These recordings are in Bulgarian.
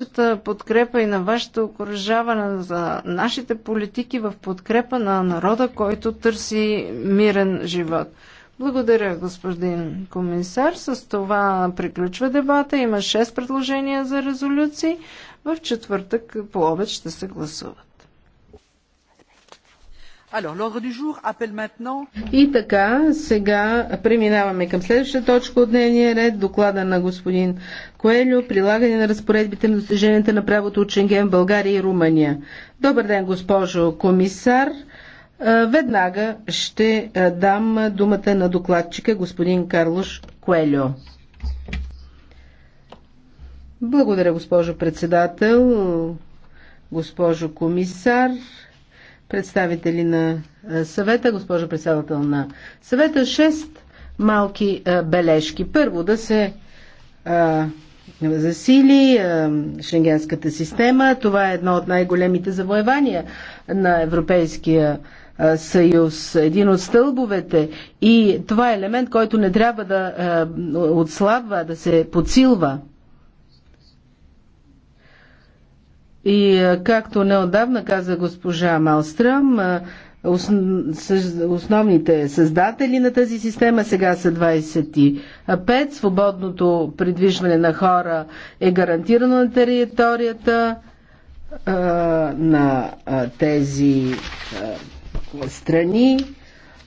вашата подкрепа и на вашето окоръжаване за нашите политики в подкрепа на народа, който търси мирен живот. Благодаря, господин комисар. С това приключва дебата. Има 6 предложения за резолюции. В четвъртък по обед ще се гласуват. И така, сега преминаваме към следващата точка от дневния ред, доклада на господин Коелю, прилагане на разпоредбите на достиженията на правото от Шенген в България и Румъния. Добър ден, госпожо комисар. Веднага ще дам думата на докладчика господин Карлош Коелю. Благодаря, госпожо председател, госпожо комисар, представители на съвета, госпожа председател на съвета, шест малки бележки. Първо, да се засили шенгенската система. Това е едно от най-големите завоевания на Европейския съюз, един от стълбовете и това е елемент, който не трябва да отслабва, да се подсилва. И както неодавна каза госпожа Малстрам, основните създатели на тази система сега са 25. Свободното придвижване на хора е гарантирано на територията на тези страни.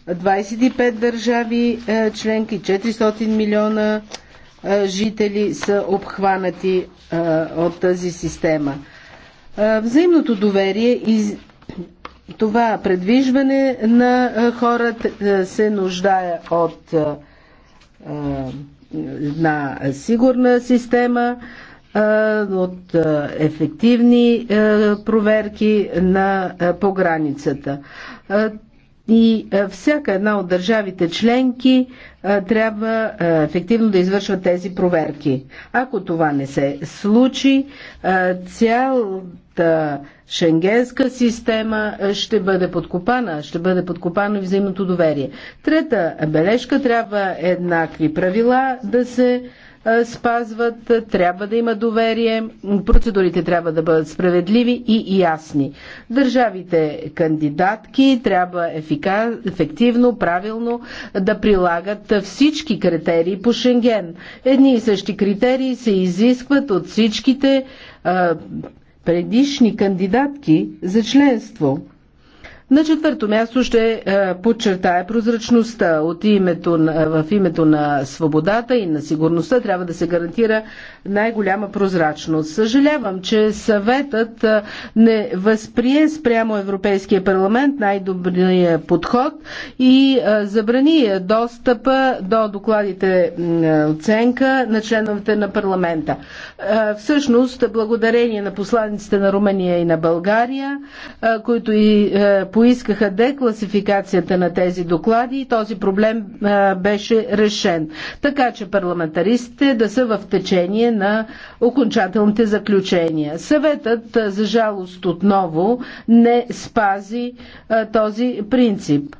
25 държави членки, 400 милиона жители са обхванати от тази система. Взаимното доверие и това предвижване на хората се нуждае от една сигурна система, от ефективни проверки на, по границата и е, всяка една от държавите членки е, трябва е, ефективно да извършва тези проверки. Ако това не се случи, цялата шенгенска система ще бъде подкопана, ще бъде подкопано и взаимното доверие. Трета бележка трябва еднакви правила да се е, спазват, трябва да има доверие, процедурите трябва да бъдат справедливи и ясни. Държавите кандидатки трябва ефика, ефективно, правилно да прилагат всички критерии по Шенген. Едни и същи критерии се изискват от всичките а, е, предишни кандидатки за членство. На четвърто място ще е, подчертая прозрачността. От името е, в името на свободата и на сигурността трябва да се гарантира най-голяма прозрачност. Съжалявам, че съветът е, не възприе спрямо Европейския парламент най-добрия подход и забрани достъпа до докладите оценка на членовете на парламента. Всъщност, благодарение на посланиците на Румъния и на България, които и по поискаха декласификацията на тези доклади и този проблем беше решен. Така че парламентаристите да са в течение на окончателните заключения. Съветът, за жалост отново, не спази този принцип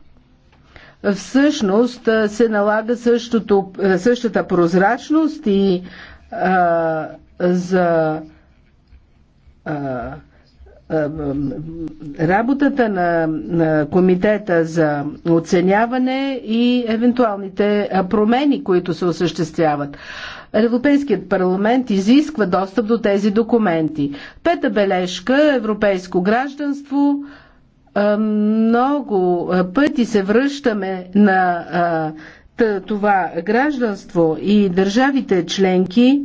всъщност се налага същото, същата прозрачност и а, за а, работата на, на комитета за оценяване и евентуалните промени, които се осъществяват. Европейският парламент изисква достъп до тези документи. Пета бележка европейско гражданство. Много пъти се връщаме на това гражданство и държавите членки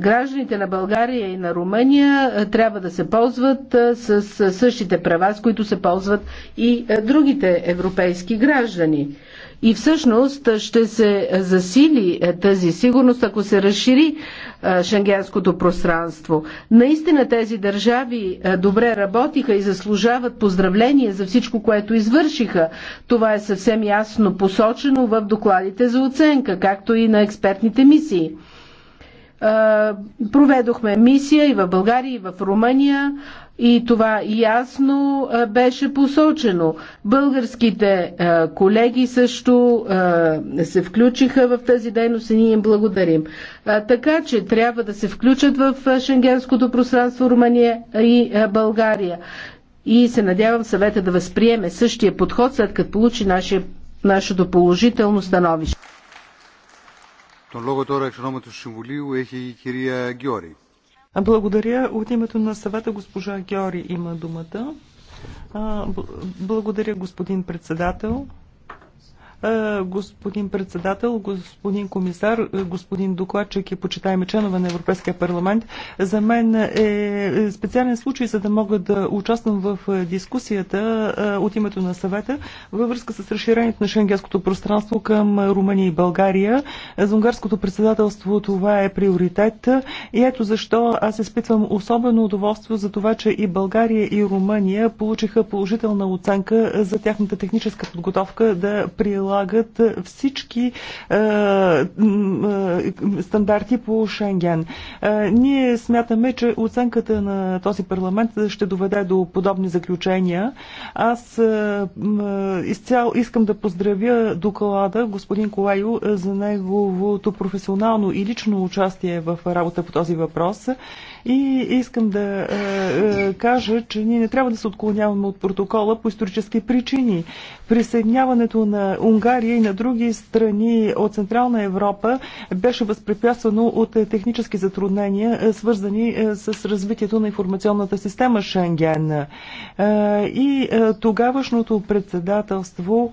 гражданите на България и на Румъния трябва да се ползват с същите права, с които се ползват и другите европейски граждани. И всъщност ще се засили тази сигурност, ако се разшири шенгенското пространство. Наистина тези държави добре работиха и заслужават поздравление за всичко, което извършиха. Това е съвсем ясно посочено в докладите за оценка, както и на експертните мисии проведохме мисия и в България, и в Румъния и това ясно беше посочено. Българските колеги също се включиха в тази дейност и ние им благодарим. Така че трябва да се включат в шенгенското пространство Румъния и България. И се надявам съвета да възприеме същия подход, след като получи нашето положително становище. Благодаря. От името на съвета госпожа Геори има думата. Благодаря, господин председател. Е, господин председател, господин комисар, е, господин докладчик и почитаеми членове на Европейския парламент. За мен е, е специален случай, за да мога да участвам в дискусията от името на съвета във връзка с разширението на шенгенското пространство към Румъния и България. За унгарското председателство това е приоритет и ето защо аз изпитвам особено удоволствие за това, че и България и Румъния получиха положителна оценка за тяхната техническа подготовка да прилагат прилагат всички е, е, стандарти по Шенген. Е, ние смятаме, че оценката на този парламент ще доведе до подобни заключения. Аз е, е, изцяло искам да поздравя доклада господин Колайо за неговото професионално и лично участие в работа по този въпрос. И искам да е, е, кажа, че ние не трябва да се отклоняваме от протокола по исторически причини. Присъединяването на Унгария и на други страни от Централна Европа беше възпрепятствано от технически затруднения, е, свързани с развитието на информационната система Шенген. И тогавашното председателство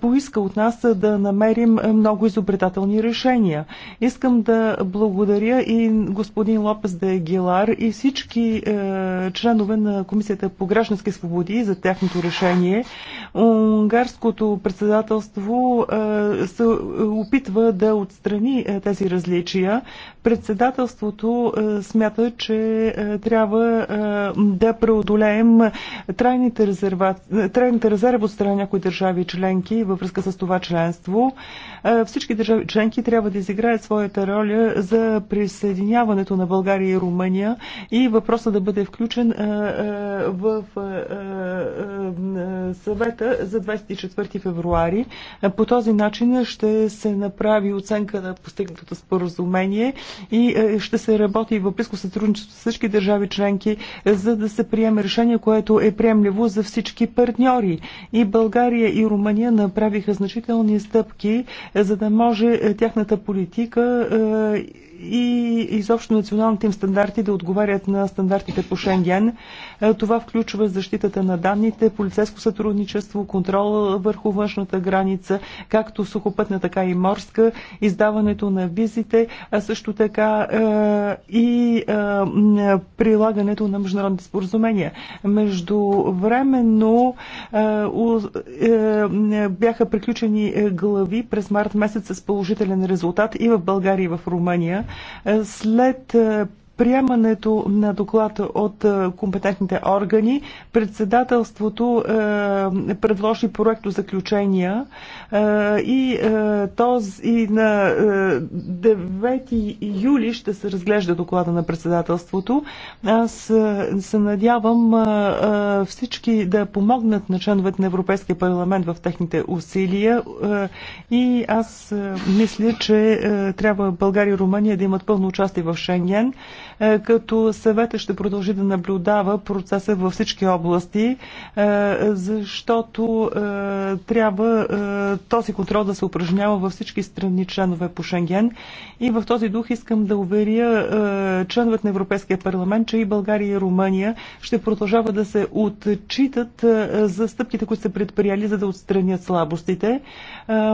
поиска от нас да намерим много изобретателни решения. Искам да благодаря и господин Лопес де Агилар и всички е, членове на Комисията по граждански свободи за тяхното решение. Унгарското председателство е, се опитва да отстрани е, тези различия. Председателството е, смята, че е, трябва е, да преодолеем трайните, резерва, трайните резерви от страна някои държави членки във връзка с това членство. Е, всички държави членки трябва да изиграят своята роля за присъединяването на България и Румъния Румъния и въпросът да бъде включен в съвета за 24 февруари. По този начин ще се направи оценка на постигнатото споразумение и ще се работи в близко сътрудничество с всички държави членки, за да се приеме решение, което е приемливо за всички партньори. И България и Румъния направиха значителни стъпки, за да може тяхната политика и изобщо националните им стандарти да отговарят на стандартите по Шенген. Е, това включва защитата на данните, полицейско сътрудничество, контрол върху външната граница, както сухопътна, така и морска, издаването на визите, а също така е, и е, прилагането на международни споразумения. Между временно бяха приключени глави през март месец с положителен резултат и в България, и в Румъния. След приемането на доклад от е, компетентните органи, председателството е, предложи проекто заключения е, и, е, този, и на е, 9 юли ще се разглежда доклада на председателството. Аз е, се надявам е, е, всички да помогнат на членовете на Европейския парламент в техните усилия е, и аз е, мисля, че е, трябва България и Румъния да имат пълно участие в Шенген. Е, като съвета ще продължи да наблюдава процеса във всички области, е, защото е, трябва този контрол да се упражнява във всички страни членове по Шенген. И в този дух искам да уверя членовете на Европейския парламент, че и България и Румъния ще продължава да се отчитат за стъпките, които са предприяли, за да отстранят слабостите.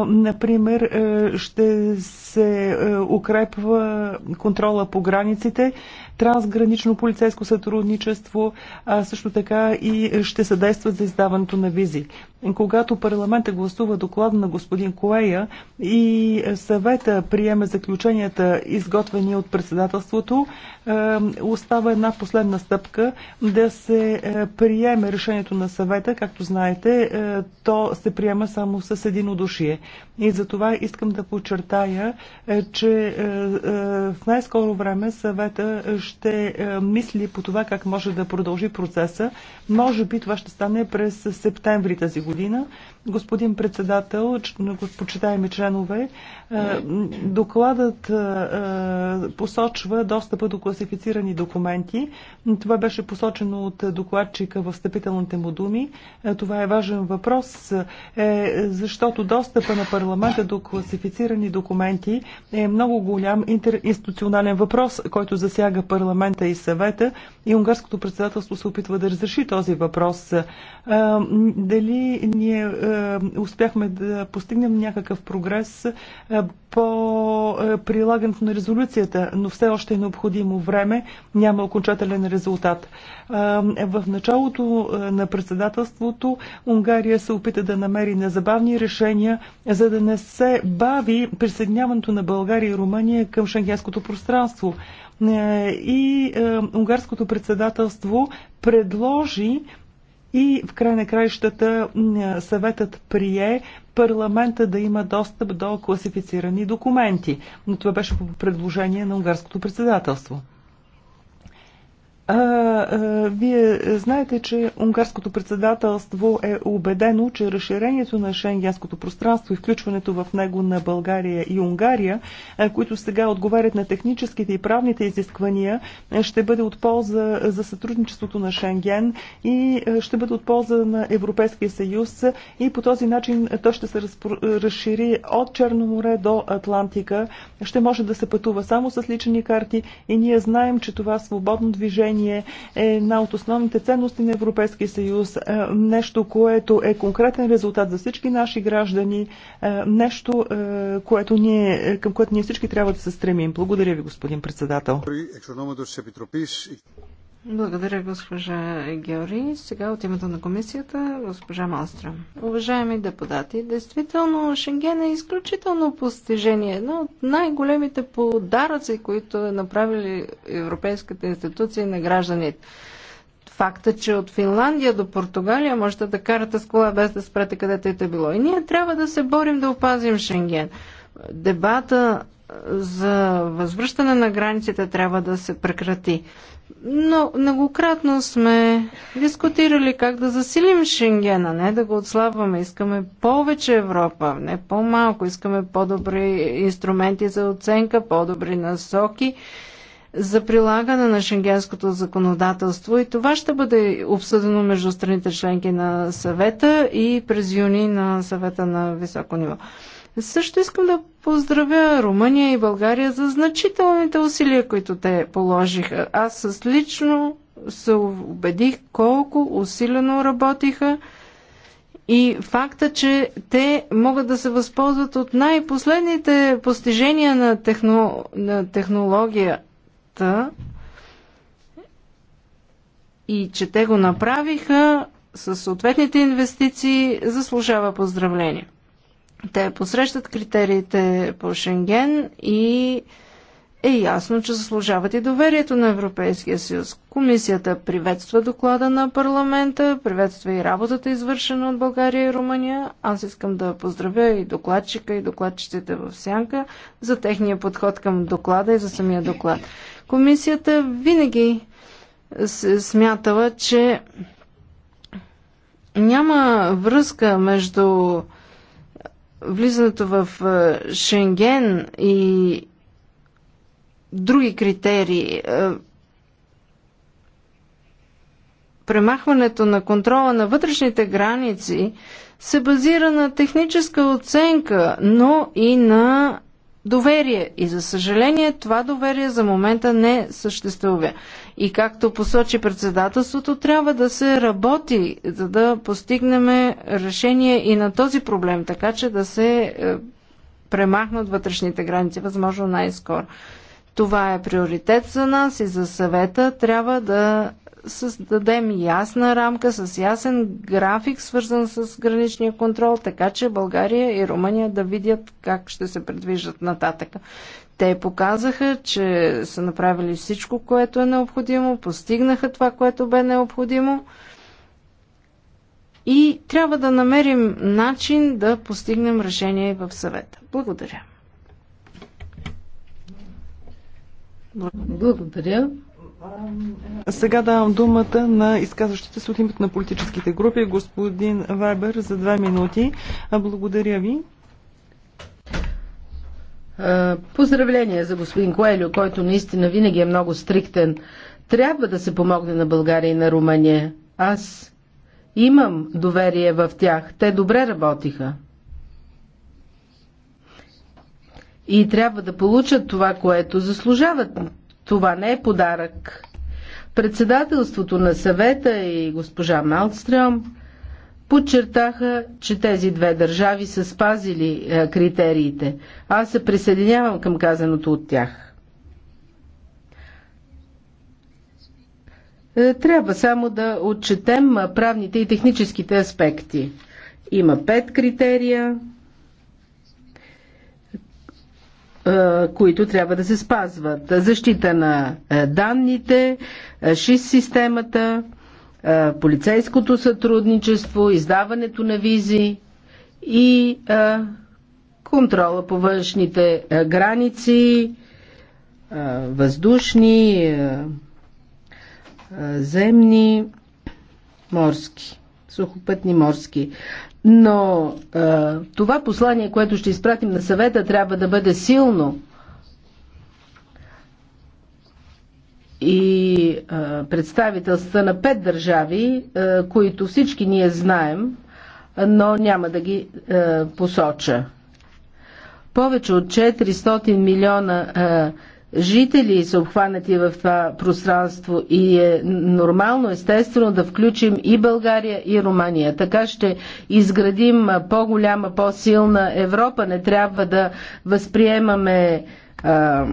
Например, ще се укрепва контрола по границите, трансгранично полицейско сътрудничество, а също така и ще съдействат за издаването на визи. Когато парламента гласува доклада на господин Коея и съвета приеме заключенията, изготвени от председателството, е, остава една последна стъпка да се е, приеме решението на съвета. Както знаете, е, то се приема само с единодушие. И за това искам да подчертая, че в най-скоро време съвета ще мисли по това как може да продължи процеса. Може би това ще стане през септември тази година. Господин председател, почитаеми членове, докладът посочва достъпа до класифицирани документи. Това беше посочено от докладчика в стъпителните му думи. Е, това е важен въпрос, е, защото достъпа на парламента до класифицирани документи е много голям интеринституционален въпрос, който засяга парламента и съвета и унгарското председателство се опитва да разреши този въпрос. Е, дали ние успяхме да постигнем някакъв прогрес по е, прилагането на резолюцията, но все още е необходимо време, няма окончателен резултат. Е, в началото е, на председателството Унгария се опита да намери незабавни решения, за да не се бави присъединяването на България и Румъния към шенгенското пространство. И унгарското председателство предложи и в край на краищата съветът прие парламента да има достъп до класифицирани документи. Но това беше по предложение на унгарското председателство вие знаете, че унгарското председателство е убедено, че разширението на шенгенското пространство и включването в него на България и Унгария, които сега отговарят на техническите и правните изисквания, ще бъде от полза за сътрудничеството на Шенген и ще бъде от полза на Европейския съюз и по този начин то ще се разшири от Черно море до Атлантика. Ще може да се пътува само с лични карти и ние знаем, че това свободно движение образование е една от основните ценности на Европейския съюз, е, нещо, което е конкретен резултат за всички наши граждани, е, нещо, е, което ние, към което ние всички трябва да се стремим. Благодаря ви, господин председател. Благодаря, госпожа Георги. Сега от името на комисията, госпожа Малстрам. Уважаеми депутати, действително Шенген е изключително постижение. Едно от най-големите подаръци, които е направили Европейската институция на гражданите. Факта, че от Финландия до Португалия можете да карате с кола без да спрете където и е било. И ние трябва да се борим да опазим Шенген. Дебата за възвръщане на границите трябва да се прекрати. Но многократно сме дискутирали как да засилим Шенгена, не да го отслабваме. Искаме повече Европа, не по-малко. Искаме по-добри инструменти за оценка, по-добри насоки за прилагане на шенгенското законодателство и това ще бъде обсъдено между страните членки на съвета и през юни на съвета на високо ниво. Също искам да поздравя Румъния и България за значителните усилия, които те положиха. Аз с лично се убедих колко усилено работиха и факта, че те могат да се възползват от най-последните постижения на, техно, на технологията и че те го направиха с съответните инвестиции, заслужава поздравление. Те посрещат критериите по Шенген и е ясно, че заслужават и доверието на Европейския съюз. Комисията приветства доклада на парламента, приветства и работата, извършена от България и Румъния. Аз искам да поздравя и докладчика, и докладчиците в Сянка за техния подход към доклада и за самия доклад. Комисията винаги се смятала, че няма връзка между влизането в е, Шенген и други критерии, е, премахването на контрола на вътрешните граници се базира на техническа оценка, но и на доверие. И за съжаление това доверие за момента не съществува. И както посочи председателството, трябва да се работи, за да постигнем решение и на този проблем, така че да се е, премахнат вътрешните граници, възможно най-скоро. Това е приоритет за нас и за съвета. Трябва да създадем ясна рамка с ясен график, свързан с граничния контрол, така че България и Румъния да видят как ще се предвиждат нататък. Те показаха, че са направили всичко, което е необходимо, постигнаха това, което бе необходимо и трябва да намерим начин да постигнем решение в съвета. Благодаря. Благодаря. Сега давам думата на изказващите се от името на политическите групи. Господин Вайбер за две минути. Благодаря ви. Поздравления за господин Коелю, който наистина винаги е много стриктен. Трябва да се помогне на България и на Румъния. Аз имам доверие в тях. Те добре работиха. И трябва да получат това, което заслужават. Това не е подарък. Председателството на съвета и госпожа Малстрем подчертаха, че тези две държави са спазили е, критериите. Аз се присъединявам към казаното от тях. Е, трябва само да отчетем правните и техническите аспекти. Има пет критерия, които трябва да се спазват. Защита на данните, ШИС системата, полицейското сътрудничество, издаването на визи и контрола по външните граници, въздушни, земни, морски, сухопътни морски. Но а, това послание, което ще изпратим на съвета, трябва да бъде силно. И а, представителства на пет държави, а, които всички ние знаем, но няма да ги а, посоча. Повече от 400 милиона а, жители са обхванати в това пространство и е нормално, естествено, да включим и България, и Румъния. Така ще изградим по-голяма, по-силна Европа. Не трябва да възприемаме а,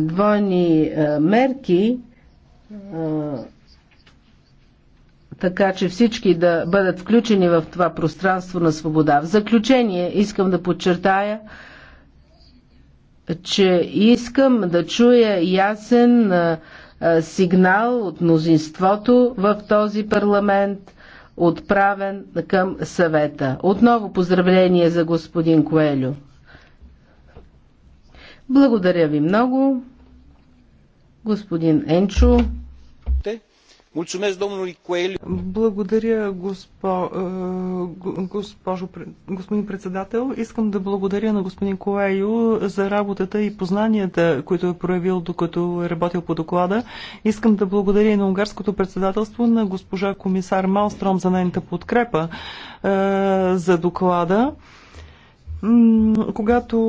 двойни а, мерки, а, така че всички да бъдат включени в това пространство на свобода. В заключение искам да подчертая, че искам да чуя ясен сигнал от мнозинството в този парламент, отправен към съвета. Отново поздравление за господин Коелю. Благодаря ви много, господин Енчо. Mulțumesc domnului Coelho. Благодаря, госпо, е, госпожо, господин председател. Искам да благодаря на господин Коелю за работата и познанията, които е проявил докато е работил по доклада. Искам да благодаря и на унгарското председателство на госпожа комисар Малстром за нейната подкрепа е, за доклада. Когато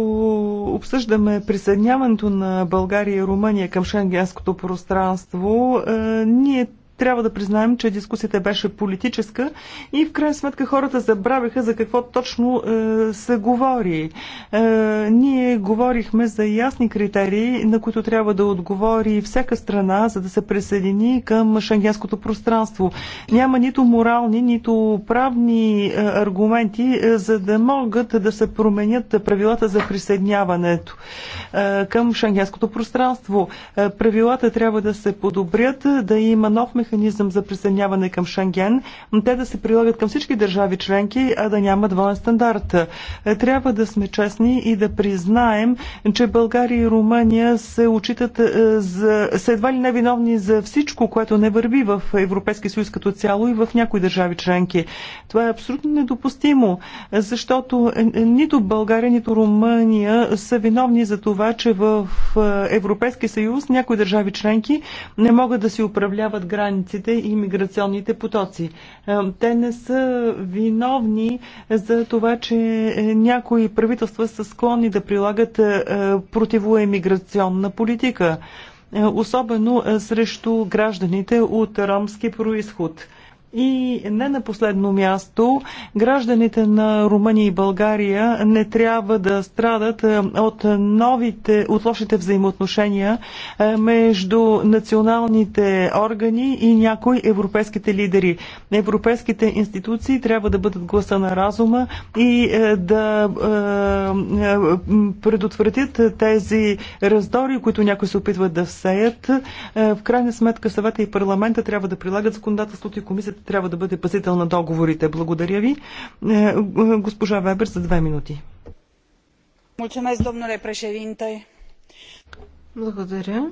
обсъждаме присъединяването на България и Румъния към шенгенското пространство, е, ние трябва да признаем, че дискусията беше политическа и в крайна сметка хората забравяха за какво точно е, се говори. Е, ние говорихме за ясни критерии, на които трябва да отговори всяка страна, за да се присъедини към шенгенското пространство. Няма нито морални, нито правни е, аргументи, е, за да могат да се променят правилата за присъединяването е, към шенгенското пространство. Е, правилата трябва да се подобрят, да има нов механизъм механизъм за присъединяване към Шенген, те да се прилагат към всички държави членки, а да няма двоен стандарт. Е, трябва да сме честни и да признаем, че България и Румъния се очитат е, за, са едва ли невиновни за всичко, което не върви в Европейския съюз като цяло и в някои държави членки. Това е абсолютно недопустимо, защото нито България, нито Румъния са виновни за това, че в е, Европейския съюз някои държави членки не могат да си управляват грани границите и миграционните потоци. Е, те не са виновни за това, че е, някои правителства са склонни да прилагат е, противоемиграционна политика особено срещу гражданите от ромски происход. И не на последно място, гражданите на Румъния и България не трябва да страдат е, от новите, от лошите взаимоотношения е, между националните органи и някои европейските лидери. Европейските институции трябва да бъдат гласа на разума и е, да предотвратят тези раздори, които някои се опитват да всеят. В крайна сметка съвета и парламента трябва да прилагат законодателството и комисията трябва да бъде пазител на договорите. Благодаря ви. Е, е, госпожа Вебер за две минути. Благодаря.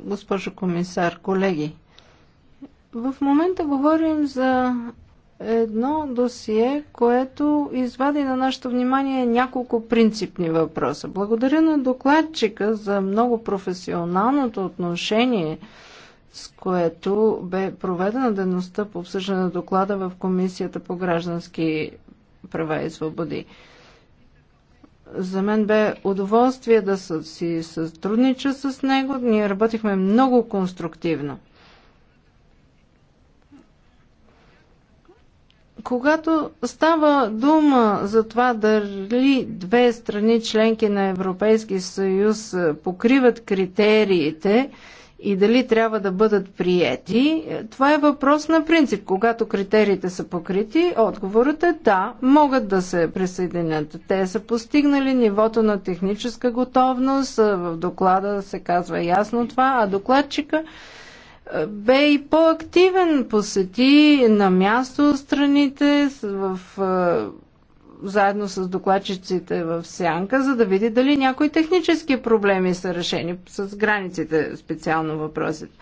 госпожо комисар, колеги, в момента говорим за едно досие, което извади на нашето внимание няколко принципни въпроса. Благодаря на докладчика за много професионалното отношение с което бе проведена дейността по обсъждане на доклада в Комисията по граждански права и свободи. За мен бе удоволствие да си сътруднича с него. Ние работихме много конструктивно. Когато става дума за това дали две страни членки на Европейски съюз покриват критериите, и дали трябва да бъдат приети, е, това е въпрос на принцип. Когато критериите са покрити, отговорът е да, могат да се присъединят. Те са постигнали нивото на техническа готовност, е, в доклада се казва ясно това, а докладчика е, бе и по-активен, посети на място страните в заедно с докладчиците в Сянка, за да види дали някои технически проблеми са решени с границите, специално въпросите.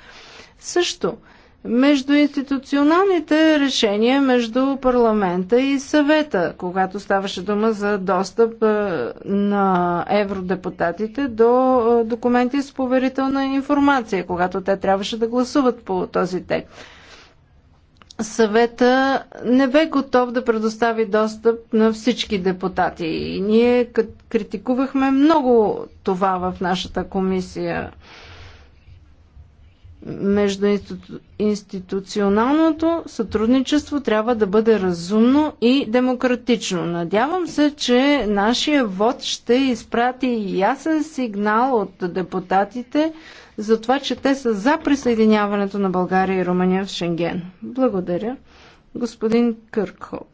Също, между институционалните решения между парламента и съвета, когато ставаше дума за достъп е, на евродепутатите до е, документи с поверителна информация, когато те трябваше да гласуват по този текст съвета не бе готов да предостави достъп на всички депутати. И ние критикувахме много това в нашата комисия. Междуинституционалното сътрудничество трябва да бъде разумно и демократично. Надявам се, че нашия вод ще изпрати ясен сигнал от депутатите, за това, че те са за присъединяването на България и Румъния в Шенген. Благодаря. Господин Къркхоп.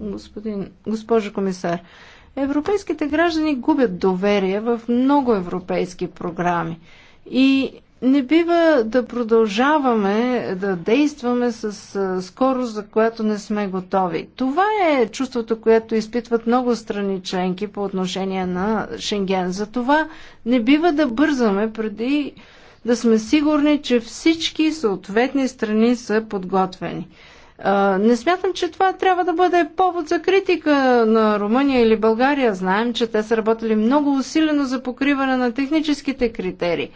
Господин, госпожо комисар, европейските граждани губят доверие в много европейски програми. И не бива да продължаваме да действаме с скорост, за която не сме готови. Това е чувството, което изпитват много страни членки по отношение на Шенген. Затова не бива да бързаме преди да сме сигурни, че всички съответни страни са подготвени. Не смятам, че това трябва да бъде повод за критика на Румъния или България. Знаем, че те са работили много усилено за покриване на техническите критерии.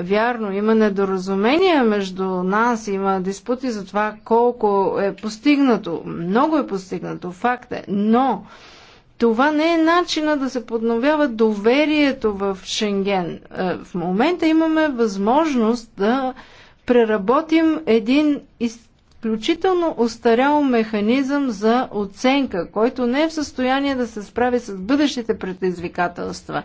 Вярно, има недоразумения между нас, има диспути за това колко е постигнато. Много е постигнато, факт е. Но това не е начина да се подновява доверието в Шенген. Е, в момента имаме възможност да преработим един изцелен изключително устарял механизъм за оценка, който не е в състояние да се справи с бъдещите предизвикателства.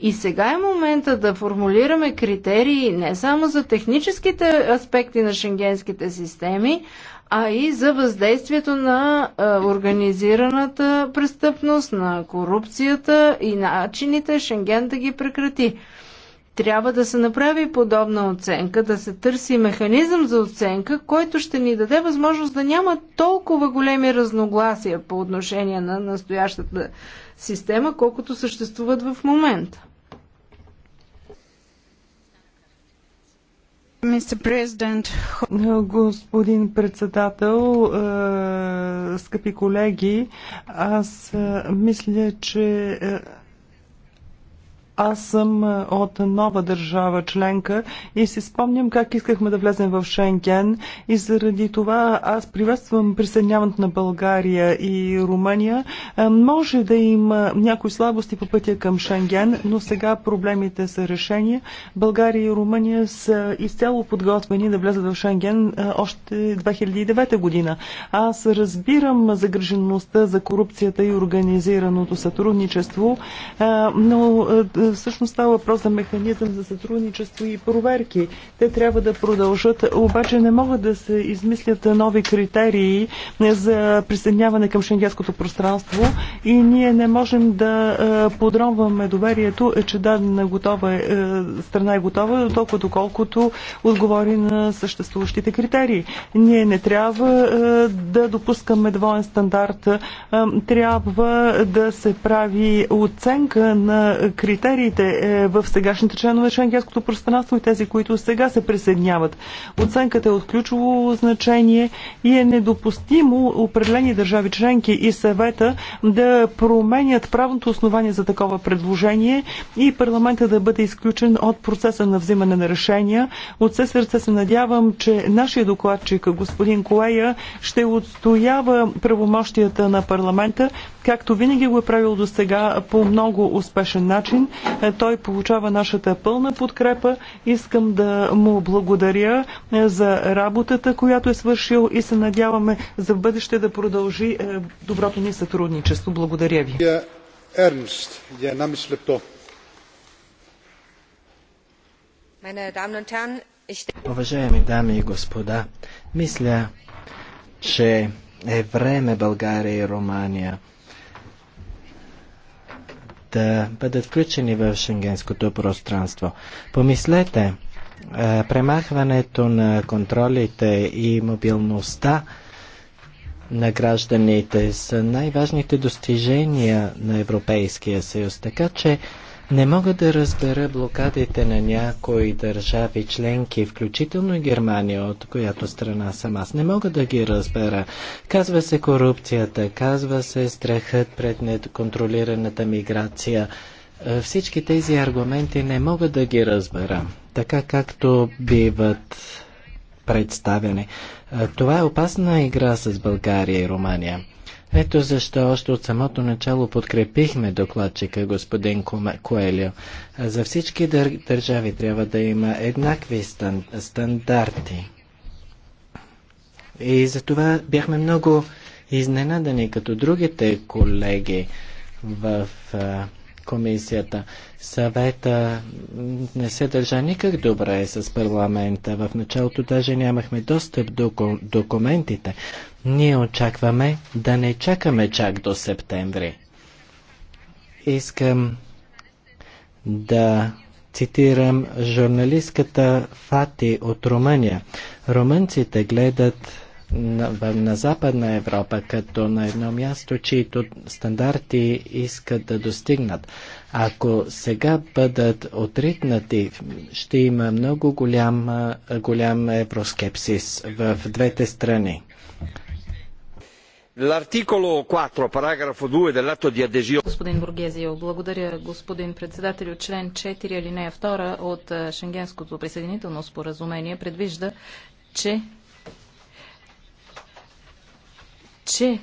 И сега е момента да формулираме критерии не само за техническите аспекти на шенгенските системи, а и за въздействието на организираната престъпност, на корупцията и начините Шенген да ги прекрати трябва да се направи подобна оценка, да се търси механизъм за оценка, който ще ни даде възможност да няма толкова големи разногласия по отношение на настоящата система, колкото съществуват в момента. Господин председател, е, скъпи колеги, аз е, мисля, че е, аз съм е, от нова държава членка и си спомням как искахме да влезем в Шенген и заради това аз приветствам присъединяването на България и Румъния. Е, може да има някои слабости по пътя към Шенген, но сега проблемите са решени. България и Румъния са изцяло подготвени да влезат в Шенген е, още 2009 година. Аз разбирам загрежеността за корупцията и организираното сътрудничество, но Всъщност става въпрос за механизъм за сътрудничество и проверки. Те трябва да продължат, обаче не могат да се измислят нови критерии за присъединяване към шенгенското пространство и ние не можем да подробваме доверието, е, че дадена готова, е, страна е готова, толкова доколкото отговори на съществуващите критерии. Ние не трябва да допускаме двоен стандарт, трябва да се прави оценка на критерии е, в сегашните членове Шенгенското пространство и тези, които сега се присъединяват. Оценката е от ключово значение и е недопустимо определени държави членки и съвета да променят правното основание за такова предложение и парламента да бъде изключен от процеса на взимане на решения. От все сърце се надявам, че нашия докладчик, господин Колея, ще отстоява правомощията на парламента както винаги го е правил до сега по много успешен начин. Е, той получава нашата пълна подкрепа. Искам да му благодаря е, за работата, която е свършил и се надяваме за бъдеще да продължи е, доброто ни сътрудничество. Благодаря ви. Уважаеми дами и господа, мисля, че е време България и Румания да бъдат включени в шенгенското пространство. Помислете, е, премахването на контролите и мобилността на гражданите са най-важните достижения на Европейския съюз. Така че не мога да разбера блокадите на някои държави членки, включително Германия, от която страна съм аз. Не мога да ги разбера. Казва се корупцията, казва се страхът пред неконтролираната миграция. Е, всички тези аргументи не мога да ги разбера, така както биват представени. Е, това е опасна игра с България и Румъния. Ето защо още от самото начало подкрепихме докладчика господин Коелио. За всички дър държави трябва да има еднакви стан стандарти. И за това бяхме много изненадани, като другите колеги в комисията. Съвета не се държа никак добре с парламента. В началото даже нямахме достъп до документите. Ние очакваме да не чакаме чак до септември. Искам да цитирам журналистката Фати от Румъния. Румънците гледат на, на Западна Европа като на едно място, чието стандарти искат да достигнат. Ако сега бъдат отритнати, ще има много голям, голям евроскепсис в двете страни. L'articolo 4, paragrafo due dell'atto di adesione. Господин Бургезио, благодаря господин председателю. Член 4 алинея 2 от е, Шенгенското присъединително споразумение предвижда, че че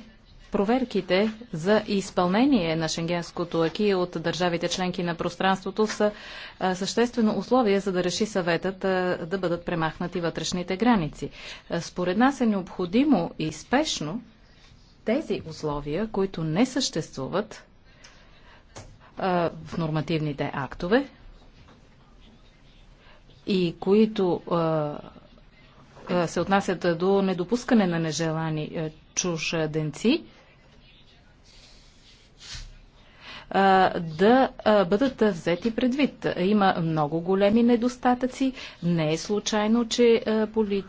проверките за изпълнение на шенгенското аки от държавите членки на пространството са е, съществено условие за да реши съветът е, да бъдат премахнати вътрешните граници. Според нас е необходимо и спешно тези условия, които не съществуват а, в нормативните актове и които а, се отнасят до недопускане на нежелани чужденци, да бъдат взети предвид. Има много големи недостатъци. Не е случайно, че полит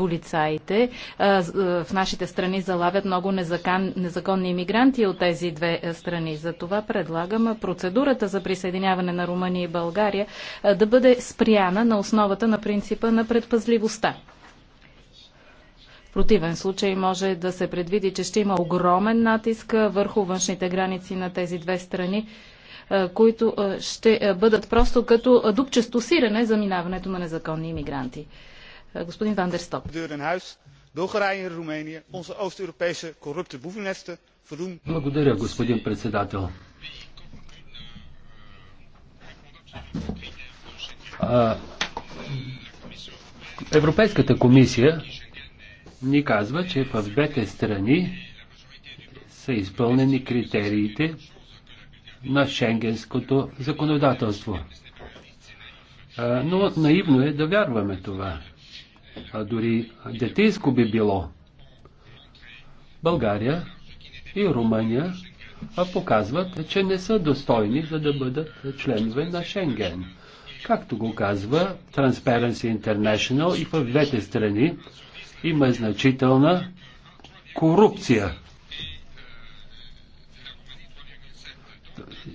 полицаите в нашите страни залавят много незакон, незаконни иммигранти от тези две страни. Затова предлагам процедурата за присъединяване на Румъния и България да бъде спряна на основата на принципа на предпазливостта. В противен случай може да се предвиди, че ще има огромен натиск върху външните граници на тези две страни, които ще бъдат просто като дупчесто сирене за минаването на незаконни иммигранти. Е, господин Вандерстоп. България и Румъния, onze Oost-Europese corrupte boevennesten, voldoen... Благодаря, господин председател. Европейската комисия ни казва, че в двете страни са изпълнени критериите на шенгенското законодателство. но наивно е да вярваме това а дори детейско би било. България и Румъния показват, че не са достойни за да бъдат членове на Шенген. Както го казва Transparency International и в двете страни има значителна корупция.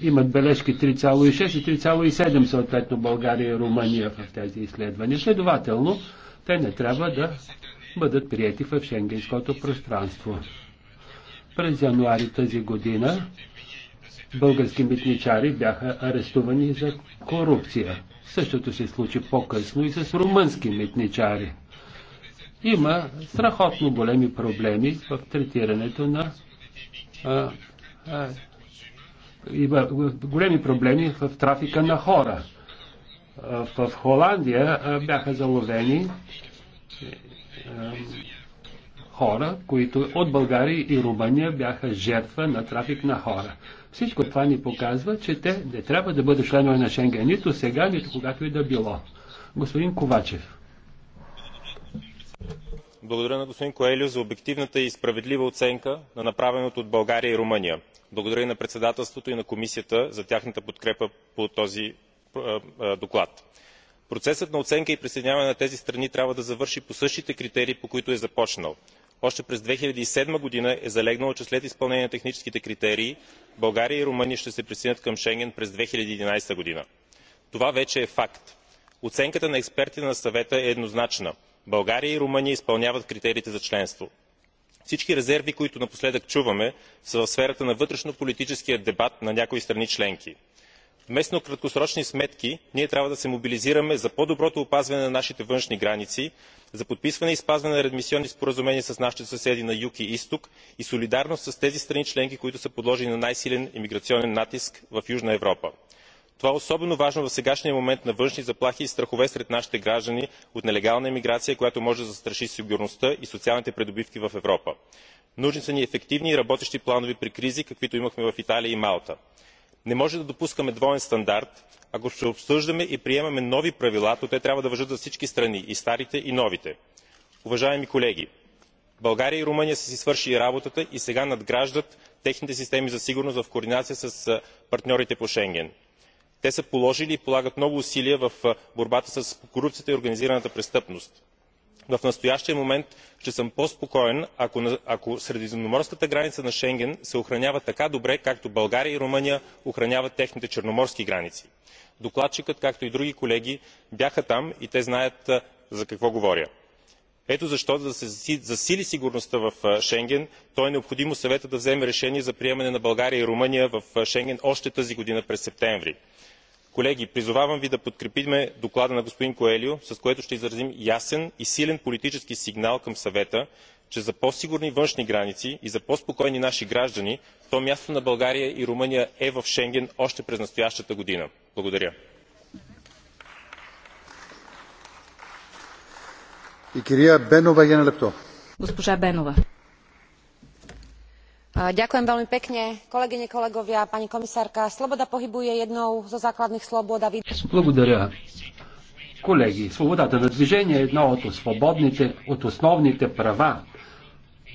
Имат бележки 3,6 и 3,7 съответно България и Румъния в тези изследвания. Следователно, те не трябва да бъдат прияти в шенгенското пространство. През януари тази година български митничари бяха арестувани за корупция. Същото се случи по-късно и с румънски митничари. Има страхотно големи проблеми в третирането на. А, а, има големи проблеми в трафика на хора в Холандия бяха заловени хора, които от България и Румъния бяха жертва на трафик на хора. Всичко това ни показва, че те не трябва да бъдат членове на Шенген, нито сега, нито когато и да било. Господин Ковачев. Благодаря на господин Коелио за обективната и справедлива оценка на направеното от България и Румъния. Благодаря и на председателството и на комисията за тяхната подкрепа по този доклад. процесът на оценка и присъединяване на тези страни трябва да завърши по същите критерии по които е започнал. още през две хиляди и седма г. е залегнало че след изпълнение на техническите критерии българя и румъния ще се присъединят към шенген през. две хиляди и единадесета г. това вече е факт. оценката на експертите на съвета е еднозначна българя и румъния изпълняват критериите за членство. всички резерви които напоследък чуваме са в сферата на вътрешнополитическия дебат на някои страни членки вместо краткосрочни сметки ние трябва да се мобилизираме за по доброто опазване на нашите външни граници за подписване и спазване на редмисионни споразумения с нашите съседи на юг и изток и солидарност с тези страни членки които са подложени на най силен имиграционен натиск в южна европа. това е особено важно в сегашния момент на външни заплахи и страхове сред нашите граждани от нелегална имиграция която може да застраши сигурността и социалните придобивки в европа. нужни са ни ефективни и работещи планове при кризи каквито имахме в италия и малта не може да допускаме двоен стандарт. ако ще обсъждаме и приемаме нови правила то те трябва да важат за всички страни и старите и новите. уважаеми колеги българя и румъния са си свършили работата и сега надграждат техните системи за сигурност в координация с партньорите по шенген. те са положили и полагат много усилия в борбата с корупцията и организираната престъпност в настоящия момент ще съм по спокоен ако средиземноморската граница на шенген се охранява така добре както България и румъния охраняват техните черноморски граници. докладчикът както и други колеги бяха там и те знаят за какво говоря. ето защо за да се засили сигурността в шенген то е необходимо съветът да вземе решение за приемане на България и румъния в шенген още тази година през септември колеги призовавам ви да подкрепим доклада на господин коелho с което ще изразим ясен и силен политически сигнал към съвета че за по сигурни външни граници и за по спокойни наши граждани то мястото на българя и румъния е в шенген още през настоящата година. благодаря. госпожа бенова благодаря. Колеги, свободата на движение е едно от, от основните права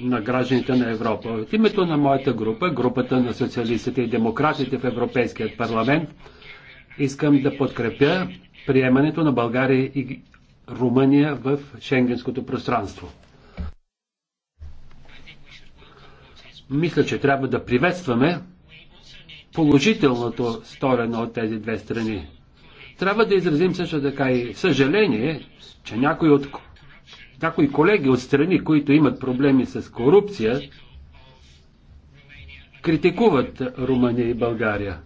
на гражданите на Европа. От името на моята група, групата на социалистите и демократите в Европейския парламент, искам да подкрепя приемането на България и Румъния в шенгенското пространство. мисля, че трябва да приветстваме положителното сторено от тези две страни. Трябва да изразим също така и съжаление, че някои, от, някои колеги от страни, които имат проблеми с корупция, критикуват Румъния и България.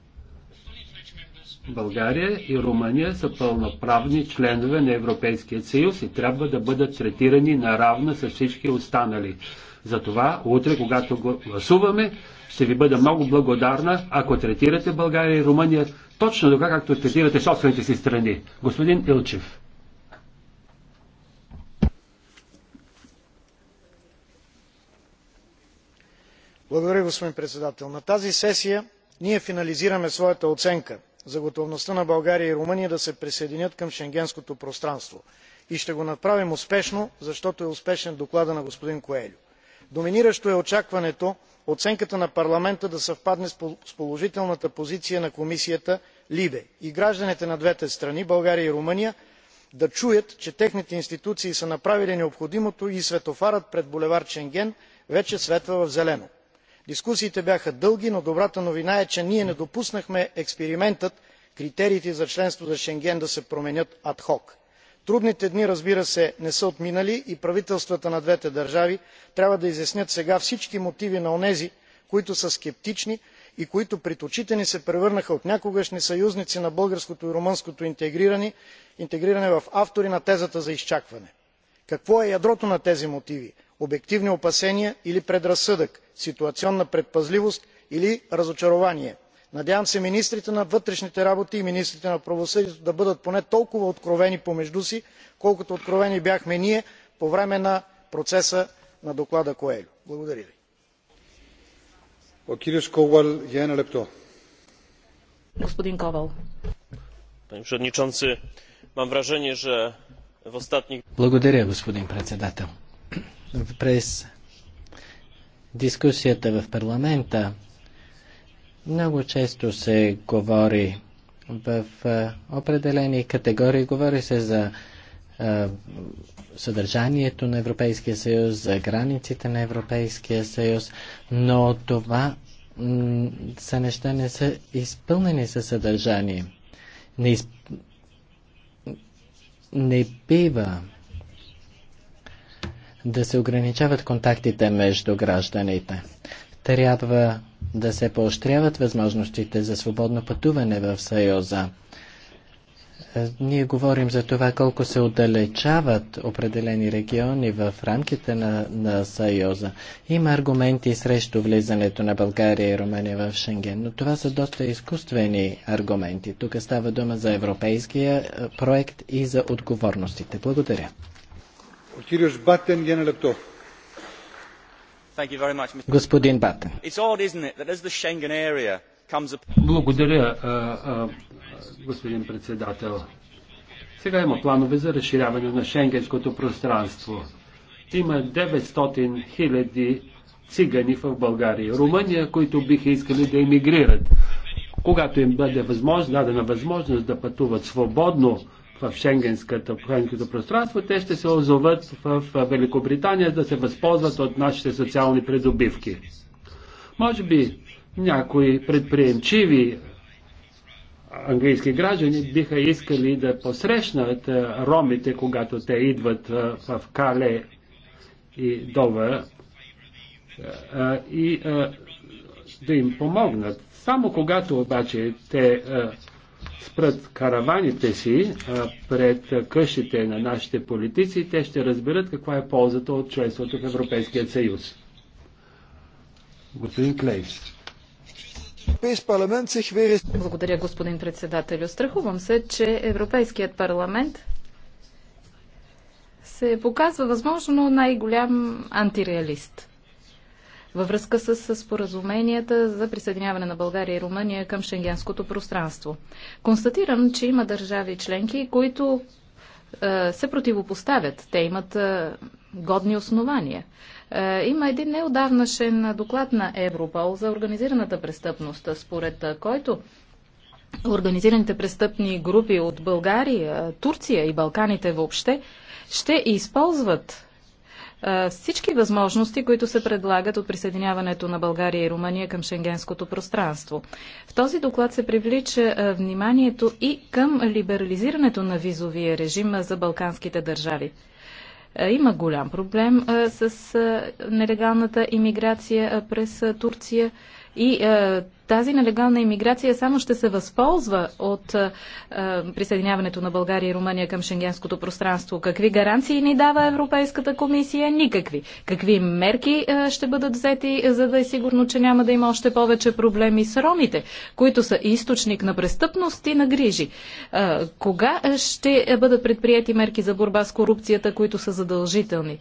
България и Румъния са пълноправни членове на Европейския съюз и трябва да бъдат третирани наравно с всички останали. Затова утре, когато гласуваме, ще ви бъда много благодарна, ако третирате България и Румъния точно така, както третирате собствените си страни. Господин Илчев. Благодаря, господин председател. На тази сесия ние финализираме своята оценка за готовността на България и Румъния да се присъединят към шенгенското пространство. И ще го направим успешно, защото е успешен доклада на господин Коелю доминиращо е очакването оценката на парламента да съвпадне с положителната позиция на комисията либе и гражданите на двете страни българя и румъния да чуят че техните институции са направили необходимото и светофарът пред булевард шенген вече светва в зелено. дискусиите бяха дълги но добрата новина е че ние не допуснахме експериментът критериите за членство за шенген да се променят ад хок трудните дни разбира се не са отминали и правителствата на двете държави трябва да изяснят сега всички мотиви на онези които са скептични и които пред очите ни се превърнаха от някогашни съюзници на българското и румънското интегриране в автори на тезата за изчакване. какво е ядрото на тези мотиви обективни опасения или предразсъдък ситуационна предпазливост или разочарование? надявам се министрите на вътрешните работи и министрите на правосъдието да бъдат поне толкова откровени помежду си колкото откровени бяхме ние по време на процеса на доклада коелho. благодаря ви. господин председател. През дискусията в парламента много често се говори в определени категории, говори се за съдържанието на Европейския съюз, за границите на Европейския съюз, но това са неща не са изпълнени със съдържание. Не, изп... не бива да се ограничават контактите между гражданите. Трябва да се поощряват възможностите за свободно пътуване в Съюза. Е, ние говорим за това колко се отдалечават определени региони в рамките на, на Съюза. Има аргументи срещу влизането на България и Румъния в Шенген, но това са доста изкуствени аргументи. Тук става дума за европейския е, проект и за отговорностите. Благодаря. Господин Батен. Благодаря, господин председател. Сега има планове за разширяване на шенгенското пространство. Има 900 хиляди цигани в България, Румъния, които биха искали да емигрират. Когато им бъде възможно, дадена възможност да пътуват свободно в Шенгенското пространство, те ще се озоват в Великобритания да се възползват от нашите социални придобивки. Може би някои предприемчиви английски граждани биха искали да посрещнат ромите, когато те идват в Кале и Дова и да им помогнат. Само когато обаче те а, спрат караваните си а пред къщите на нашите политици те ще разберат каква е ползата от членството в Европейския съюз. Господин Клейс. Благодаря, господин председател. Страхувам се, че Европейският парламент се показва възможно най-голям антиреалист във връзка с споразуменията за присъединяване на България и Румъния към шенгенското пространство. Констатирам, че има държави членки, които е, се противопоставят. Те имат е, годни основания. Е, има един неодавнашен доклад на Европол за организираната престъпност, според който организираните престъпни групи от България, Турция и Балканите въобще ще използват всички възможности, които се предлагат от присъединяването на България и Румъния към шенгенското пространство. В този доклад се привлича вниманието и към либерализирането на визовия режим за балканските държави. Има голям проблем с нелегалната иммиграция през Турция и тази нелегална иммиграция само ще се възползва от а, присъединяването на България и Румъния към шенгенското пространство. Какви гаранции ни дава Европейската комисия? Никакви. Какви мерки а, ще бъдат взети, за да е сигурно, че няма да има още повече проблеми с ромите, които са източник на престъпност и на грижи? А, кога ще бъдат предприяти мерки за борба с корупцията, които са задължителни?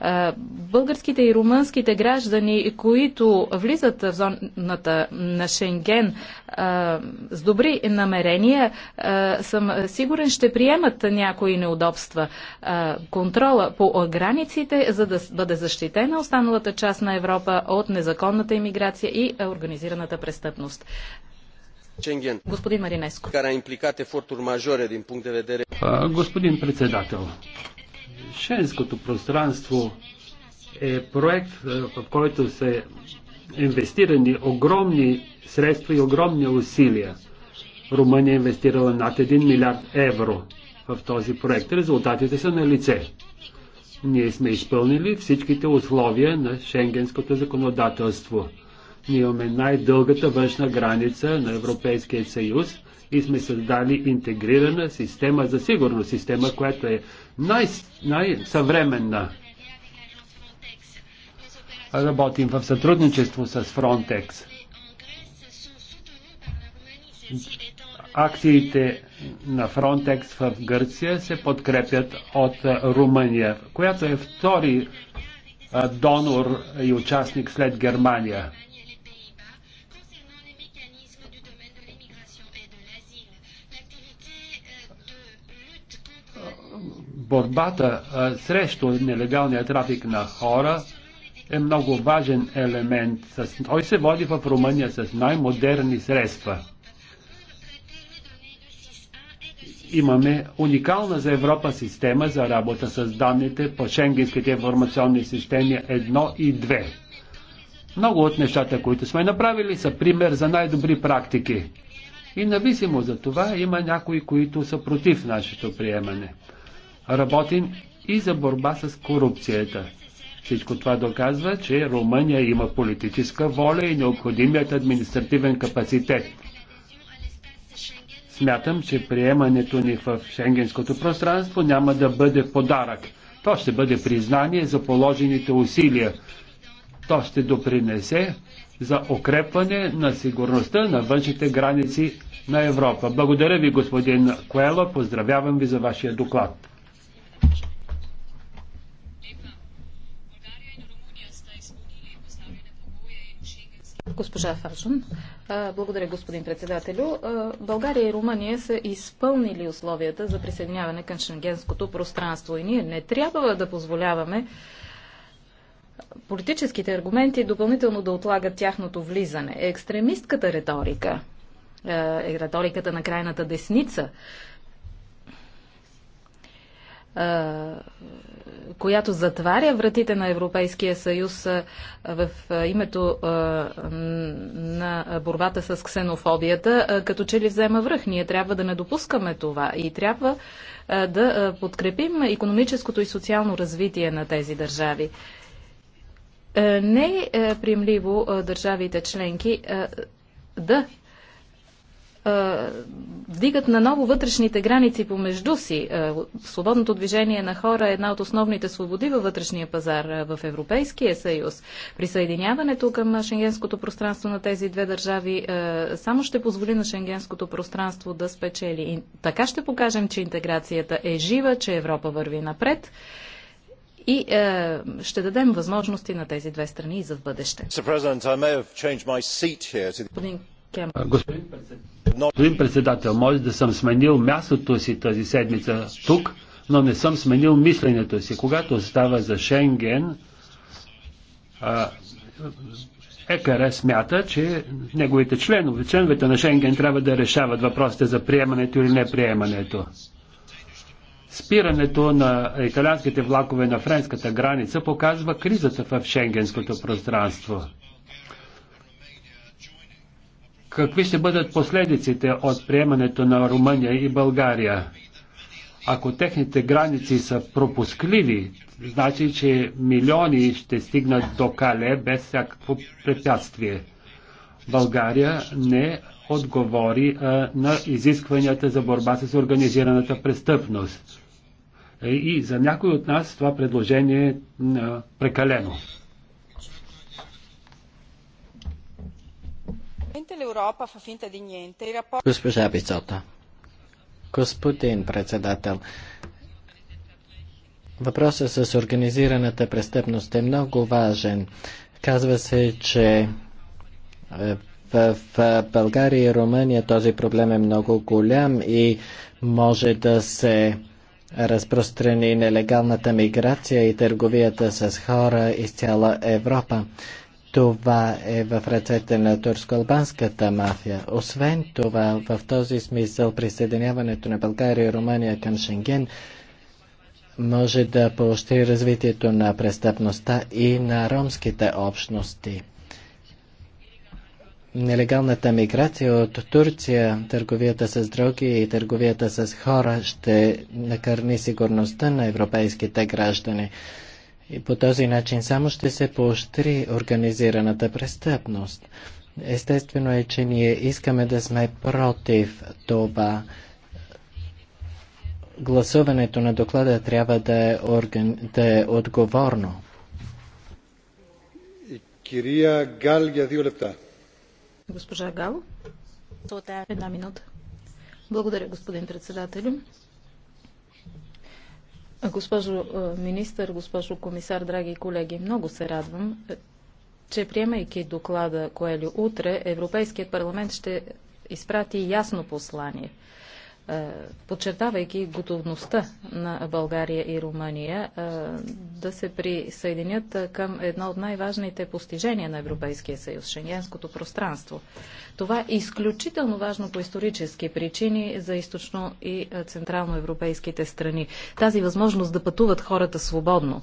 А, българските и румънските граждани, които влизат в зоната на на Шенген с добри намерения, съм сигурен, ще приемат някои неудобства. Контрола по границите, за да бъде защитена останалата част на Европа от незаконната иммиграция и организираната престъпност. Шенген. Господин Маринеско. Care Господин председател, Шенското пространство е проект, в който се инвестирани огромни средства и огромни усилия. Румъния е инвестирала над 1 милиард евро в този проект. Резултатите са на лице. Ние сме изпълнили всичките условия на шенгенското законодателство. Ние имаме най-дългата външна граница на Европейския съюз и сме създали интегрирана система за сигурност, система, която е най- най-съвременна работим в сътрудничество с Фронтекс. Акциите на Фронтекс в Гърция се подкрепят от Румъния, която е втори донор и участник след Германия. борбата срещу нелегалния трафик на хора е много важен елемент. Той се води в Румъния с най-модерни средства. Имаме уникална за Европа система за работа с данните по шенгенските информационни системи 1 и 2. Много от нещата, които сме направили, са пример за най-добри практики. И нависимо за това има някои, които са против нашето приемане. Работим и за борба с корупцията. Всичко това доказва, че Румъния има политическа воля и необходимият административен капацитет. Смятам, че приемането ни в шенгенското пространство няма да бъде подарък. То ще бъде признание за положените усилия. То ще допринесе за укрепване на сигурността на външните граници на Европа. Благодаря ви, господин Коело. Поздравявам ви за вашия доклад. Госпожа Фаршун, благодаря господин председателю. България и Румъния са изпълнили условията за присъединяване към шенгенското пространство и ние не трябва да позволяваме политическите аргументи допълнително да отлагат тяхното влизане. Екстремистката риторика, е риториката на крайната десница, която затваря вратите на Европейския съюз в името на борбата с ксенофобията, като че ли взема връх. Ние трябва да не допускаме това и трябва да подкрепим економическото и социално развитие на тези държави. Е, не е, е приемливо държавите членки да вдигат на ново вътрешните граници помежду си. Свободното движение на хора е една от основните свободи във вътрешния пазар в Европейския съюз. Присъединяването към шенгенското пространство на тези две държави само ще позволи на шенгенското пространство да спечели. И така ще покажем, че интеграцията е жива, че Европа върви напред и е, ще дадем възможности на тези две страни и за в бъдеще. Господин Кем. Господин председател, може да съм сменил мястото си тази седмица тук, но не съм сменил мисленето си. Когато става за Шенген, ЕКР смята, че неговите членове, членовете на Шенген трябва да решават въпросите за приемането или неприемането. Спирането на италианските влакове на френската граница показва кризата в шенгенското пространство какви ще бъдат последиците от приемането на Румъния и България. Ако техните граници са пропускливи, значи, че милиони ще стигнат до Кале без всякакво препятствие. България не отговори а, на изискванията за борба с организираната престъпност. И за някой от нас това предложение е прекалено. Госпожа Бицота. Господин председател, въпросът с организираната престъпност е много важен. Казва се, че е, в България и Румъния този проблем е много голям и може да се разпространи нелегалната миграция и търговията с хора из цяла Европа това е в ръцете на турско-албанската мафия. Освен това, в този смисъл присъединяването на България и Румъния към Шенген може да поощри развитието на престъпността и на ромските общности. Нелегалната миграция от Турция, търговията с други и търговията с хора ще накърни сигурността на европейските граждани. И по този начин само ще се поощри организираната престъпност. Естествено е, че ние искаме да сме против това. Гласуването на доклада трябва да е, орган... да е отговорно. Кирия Гал я δύο лепта. Госпожа Гал, една минута. Благодаря, господин председателю. Госпожо е, министър, госпожо комисар, драги колеги, много се радвам, е, че приемайки доклада Коелю утре, Европейският парламент ще изпрати ясно послание – е, подчертавайки готовността на България и Румъния е, да се присъединят е, към едно от най-важните постижения на Европейския съюз – Шенгенското пространство. Това е изключително важно по исторически причини за източно и централно европейските страни. Тази възможност да пътуват хората свободно.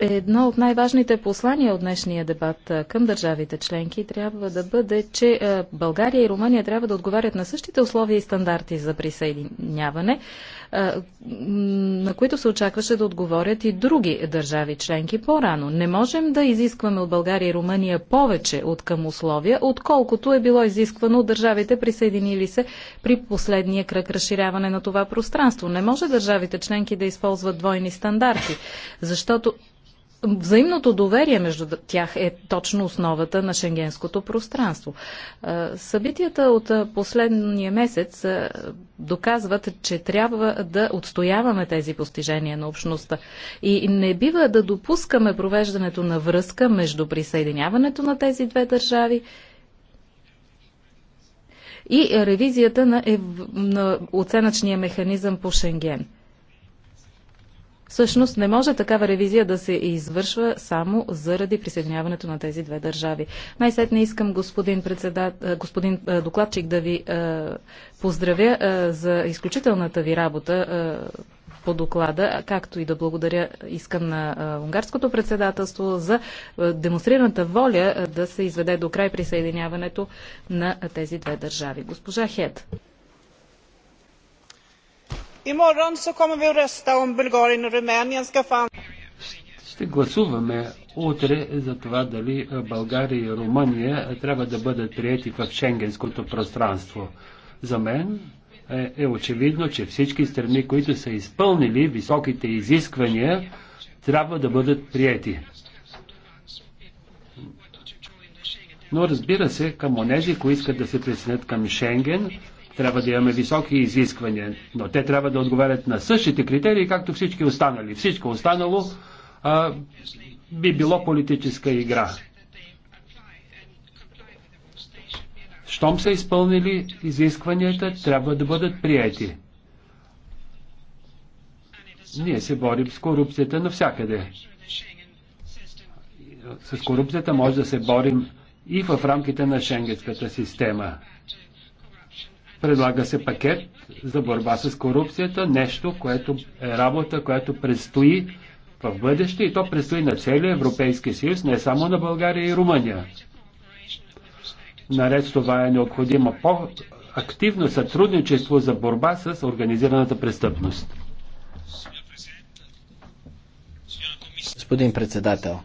Едно от най-важните послания от днешния дебат към държавите членки трябва да бъде, че България и Румъния трябва да отговарят на същите условия и стандарти за присъединяване, на които се очакваше да отговорят и други държави членки по-рано. Не можем да изискваме от България и Румъния повече от към условия, отколкото е било изисквано от държавите присъединили се при последния кръг разширяване на това пространство. Не може държавите членки да използват двойни стандарти, защото Взаимното доверие между тях е точно основата на шенгенското пространство. Събитията от последния месец доказват, че трябва да отстояваме тези постижения на общността и не бива да допускаме провеждането на връзка между присъединяването на тези две държави и ревизията на, ев... на оценъчния механизъм по Шенген. Всъщност не може такава ревизия да се извършва само заради присъединяването на тези две държави. Най-сетне искам господин, председат, господин докладчик да ви поздравя за изключителната ви работа по доклада, както и да благодаря искам на унгарското председателство за демонстрираната воля да се изведе до край присъединяването на тези две държави. Госпожа Хед. И ще гласуваме утре за това дали България и Румъния трябва да бъдат прияти в шенгенското пространство. За мен е, е очевидно, че всички страни, които са изпълнили високите изисквания, трябва да бъдат прияти. Но разбира се, към онези, които искат да се присъединят към Шенген, трябва да имаме високи изисквания, но те трябва да отговарят на същите критерии, както всички останали. Всичко останало а, би било политическа игра. Щом са изпълнили изискванията, трябва да бъдат приети. Ние се борим с корупцията навсякъде. С корупцията може да се борим и в рамките на шенгенската система. Предлага се пакет за борба с корупцията, нещо, което е работа, която предстои в бъдеще и то предстои на целия Европейски съюз, не само на България и Румъния. Наред с това е необходимо по-активно сътрудничество за борба с организираната престъпност. Господин председател,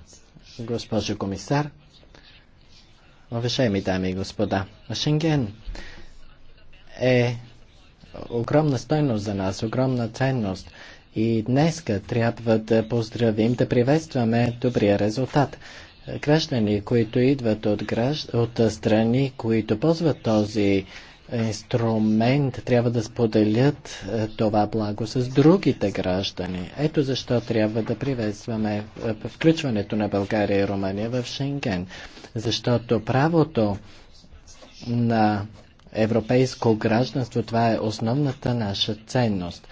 госпожо комисар, уважаеми дами и господа, Шенген е огромна стойност за нас, огромна ценност. И днес трябва да поздравим, да приветстваме добрия резултат. Граждани, които идват от, гражд... от страни, които ползват този инструмент, трябва да споделят е, това благо с другите граждани. Ето защо трябва да приветстваме е, включването на България и Румъния в Шенген. Защото правото на европейско гражданство. Това е основната наша ценност.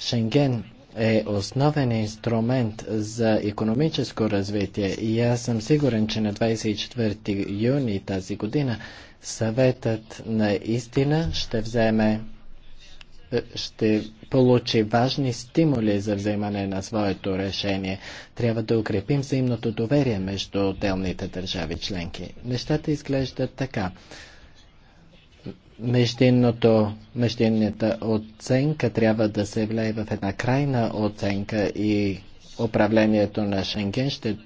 Шенген е основен инструмент за економическо развитие и аз съм сигурен, че на 24 юни тази година съветът наистина ще вземе е, ще получи важни стимули за вземане на своето решение. Трябва да укрепим взаимното доверие между отделните държави членки. Нещата изглеждат така междинната оценка трябва да се влее в една крайна оценка и управлението на Шенген ще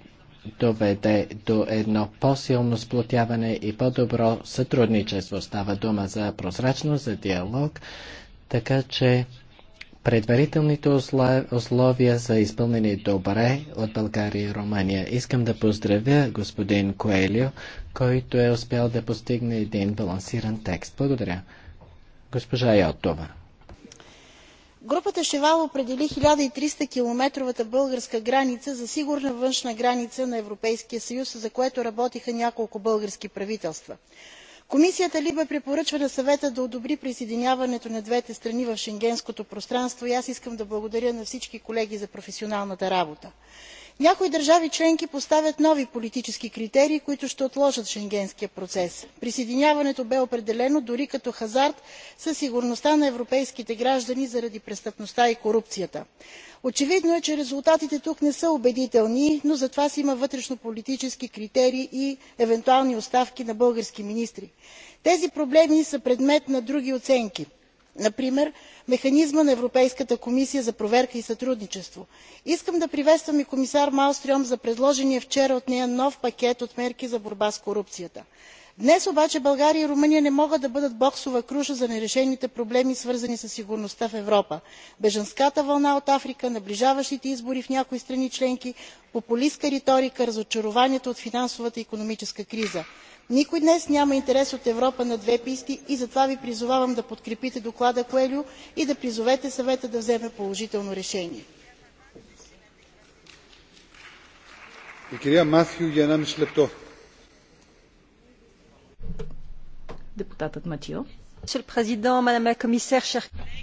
доведе до едно по-силно сплотяване и по-добро сътрудничество. Става дума за прозрачност, за диалог, така че предварителните условия за изпълнени добре от България и Румъния. Искам да поздравя господин Коелио, който е успял да постигне един балансиран текст. Благодаря. Госпожа Йотова. Групата Шевал определи 1300-километровата българска граница за сигурна външна граница на Европейския съюз, за което работиха няколко български правителства комисията либе препоръчва на съвета да одобри присъединяването на двете страни в шенгенското пространство и аз искам да благодаря на всички колеги за професионалната работа някои държави членки поставят нови политически критерии които ще отложат шенгенския процес. присъединяването бе определено дори като хазарт със сигурността на европейските граждани заради престъпността и корупцията. очевидно е че резултатите тук не са убедителни но за това си има вътрешнополитически критерии и евентуални оставки на български министри. тези проблеми са предмет на други оценки например механизма на европейската комисия за проверка и сътрудничество. искам да приветствам и комисар малмстрм за предложения вчера от нея нов пакет от мерки за борба с корупцията. днес обаче българия и румъния не могат да бъдат боксова круша за нерешените проблеми свързани със сигурността в европа бежанската вълна от африка наближаващите избори в някои страни членки популистка риторика разочарованието от финансовата и икономическа криза. Никой днес няма интерес от Европа на две писти и затова ви призовавам да подкрепите доклада Коелю и да призовете съвета да вземе положително решение. Депутатът Матио.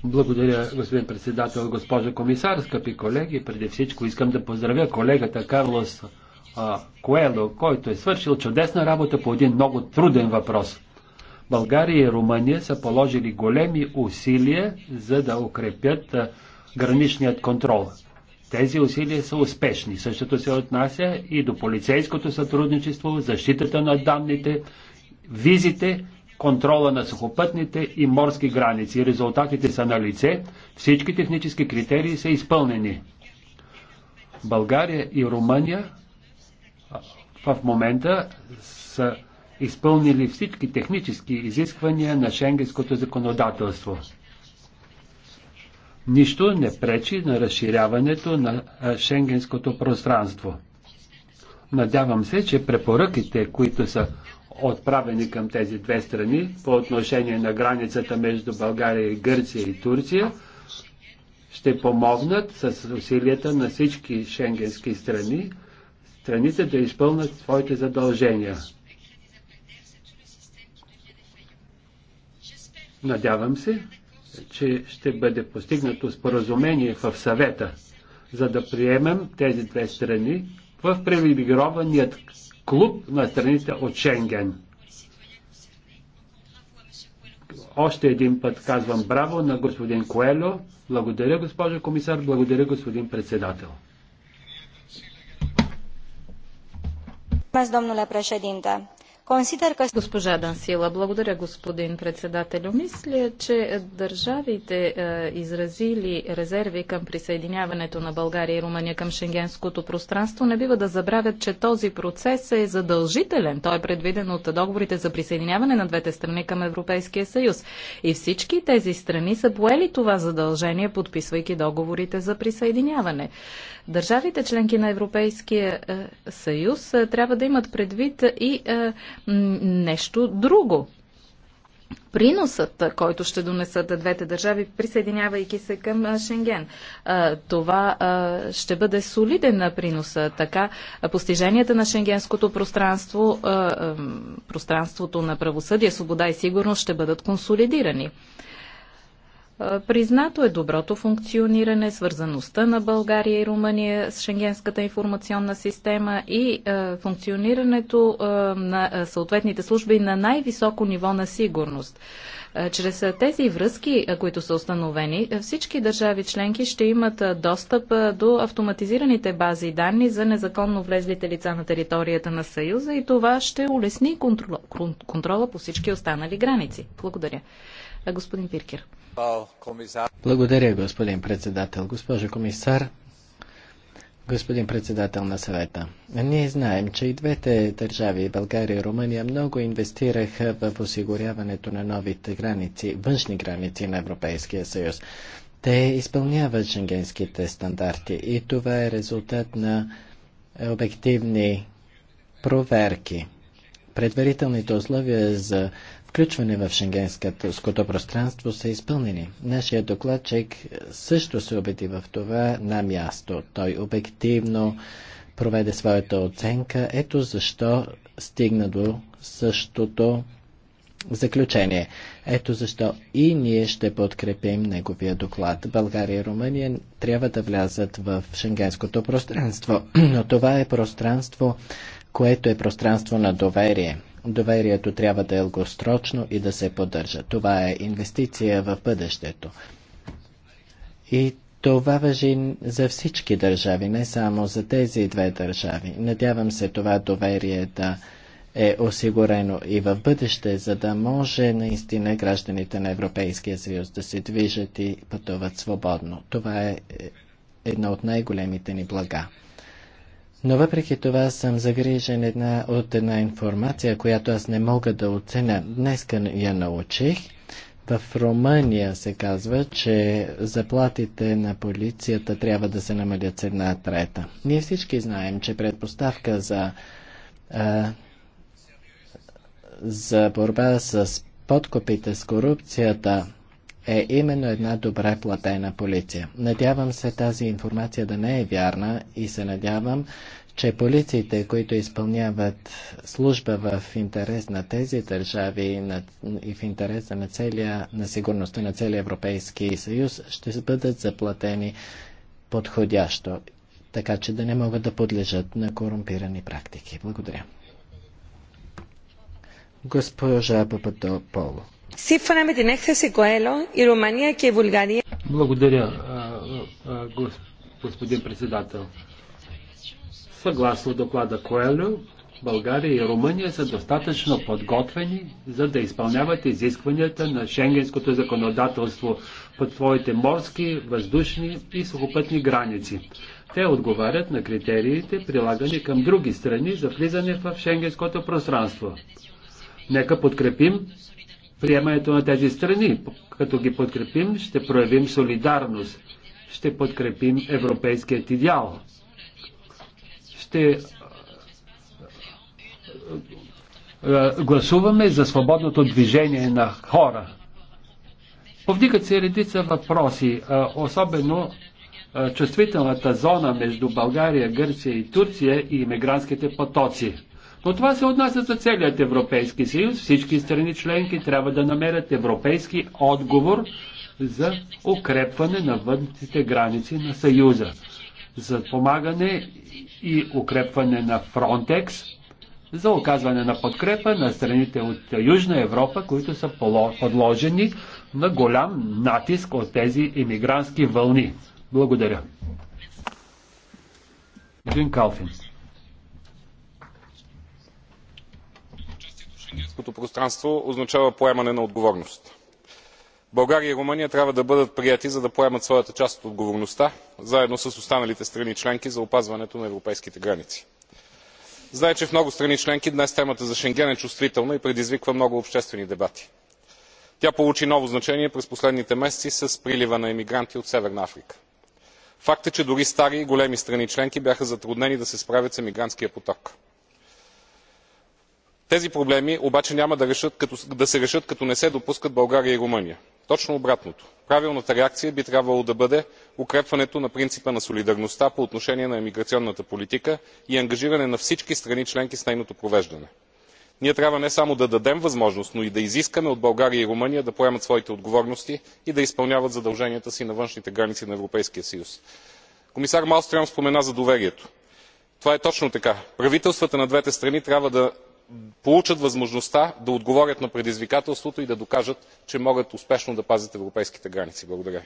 Благодаря, господин председател, госпожо комисар, скъпи колеги. Преди всичко искам да поздравя колегата Карлос Коело, който е свършил чудесна работа по един много труден въпрос. България и Румъния са положили големи усилия за да укрепят граничният контрол. Тези усилия са успешни. Същото се отнася и до полицейското сътрудничество, защитата на данните, визите, контрола на сухопътните и морски граници. Резултатите са на лице, всички технически критерии са изпълнени. България и Румъния в момента са изпълнили всички технически изисквания на шенгенското законодателство. Нищо не пречи на разширяването на шенгенското пространство. Надявам се, че препоръките, които са отправени към тези две страни по отношение на границата между България и Гърция и Турция, ще помогнат с усилията на всички шенгенски страни страните да изпълнат своите задължения. Надявам се, че ще бъде постигнато споразумение в съвета, за да приемем тези две страни в привилегированият клуб на страните от Шенген. Още един път казвам браво на господин Коело. Благодаря, госпожо комисар. Благодаря, господин председател. domnule preedinte Госпожа Дансила, благодаря господин председателю. Мисля, че държавите е, изразили резерви към присъединяването на България и Румъния към шенгенското пространство. Не бива да забравят, че този процес е задължителен. Той е предвиден от договорите за присъединяване на двете страни към Европейския съюз. И всички тези страни са поели това задължение, подписвайки договорите за присъединяване. Държавите членки на Европейския е, съюз е, трябва да имат предвид и нещо друго. Приносът, който ще донесат двете държави, присъединявайки се към Шенген, това ще бъде солиден на принос. Така, постиженията на шенгенското пространство, пространството на правосъдие, свобода и сигурност ще бъдат консолидирани. Признато е доброто функциониране, свързаността на България и Румъния с Шенгенската информационна система и е, функционирането е, на съответните служби на най-високо ниво на сигурност. чрез тези връзки, които са установени, всички държави членки ще имат достъп до автоматизираните бази данни за незаконно влезлите лица на територията на Съюза и това ще улесни контрола, контрола по всички останали граници. Благодаря. Господин Пиркер. Благодаря, господин председател. Госпожо комисар, господин председател на съвета. Ние знаем, че и двете държави, България и Румъния, много инвестираха в осигуряването на новите граници, външни граници на Европейския съюз. Те изпълняват шенгенските стандарти и това е резултат на обективни проверки. Предварителните условия за включване в шенгенското пространство са изпълнени. Нашия докладчик също се убеди в това на място. Той обективно проведе своята оценка. Ето защо стигна до същото заключение. Ето защо и ние ще подкрепим неговия доклад. България и Румъния трябва да влязат в шенгенското пространство, но това е пространство, което е пространство на доверие. Доверието трябва да е дългосрочно и да се поддържа. Това е инвестиция в бъдещето. И това въжи за всички държави, не само за тези две държави. Надявам се това доверие да е осигурено и в бъдеще, за да може наистина гражданите на Европейския съюз да се движат и пътуват свободно. Това е, е една от най-големите ни блага. Но въпреки това съм загрижен една, от една информация, която аз не мога да оценя. Днеска я научих. В Румъния се казва, че заплатите на полицията трябва да се намалят с една трета. Ние всички знаем, че предпоставка за, а, за борба с подкопите, с корупцията, е именно една добре платена полиция. Надявам се тази информация да не е вярна и се надявам, че полициите, които изпълняват служба в интерес на тези държави и в интерес на, целия, на сигурността на целия Европейски съюз, ще бъдат заплатени подходящо, така че да не могат да подлежат на корумпирани практики. Благодаря. Госпожа Пападополо. Σύμφωνα με την έκθεση Κοέλο, η Ρουμανία και η Βουλγαρία... Благодаря, господин председател. Съгласно доклада Коелю, България и Румъния са достатъчно подготвени, за да изпълняват изискванията на шенгенското законодателство под своите морски, въздушни и сухопътни граници. Те отговарят на критериите, прилагани към други страни за влизане в шенгенското пространство. Нека подкрепим приемането на тези страни. Като ги подкрепим, ще проявим солидарност, ще подкрепим европейският идеал. Ще гласуваме за свободното движение на хора. Повдигат се редица въпроси, особено чувствителната зона между България, Гърция и Турция и иммигрантските потоци. Но това се отнася за целият Европейски съюз. Всички страни членки трябва да намерят европейски отговор за укрепване на външните граници на съюза. За помагане и укрепване на Фронтекс, за оказване на подкрепа на страните от Южна Европа, които са подложени на голям натиск от тези иммигрантски вълни. Благодаря. Джин Калфинс. шенгенското пространство означава поемане на отговорност. българя и румъния трябва да бъдат приети за да поемат своята част от отговорността заедно с останалите страни членки за опазването на европейските граници. зная че в много страни членки днес темата за шенген е чувствителна и предизвиква много обществени дебати. тя получи ново значение през последните месеци с прилива на емигранти от северна африка. факт е че дори стари и големи страни членки бяха затруднени да се справят с емигрантския поток тези проблеми обаче няма да се решат като не се допускат българия и румъния. точно обратното правилната реакция би трябвало да бъде укрепването на принципа на солидарността по отношение на емиграционната политика и ангажиране на всички страни членки с нейното провеждане. ние трябва не само да дадем възможност но и да изискаме от българия и румъния да поемат своите отговорности и да изпълняват задълженията си на външните граници на европейския съюз. комисар малмстрм спомена за доверието. това е точно така. правителствата на двете страни трябва да получат възможността да отговорят на предизвикателството и да докажат че могат успешно да пазят европейските граници. благодаря.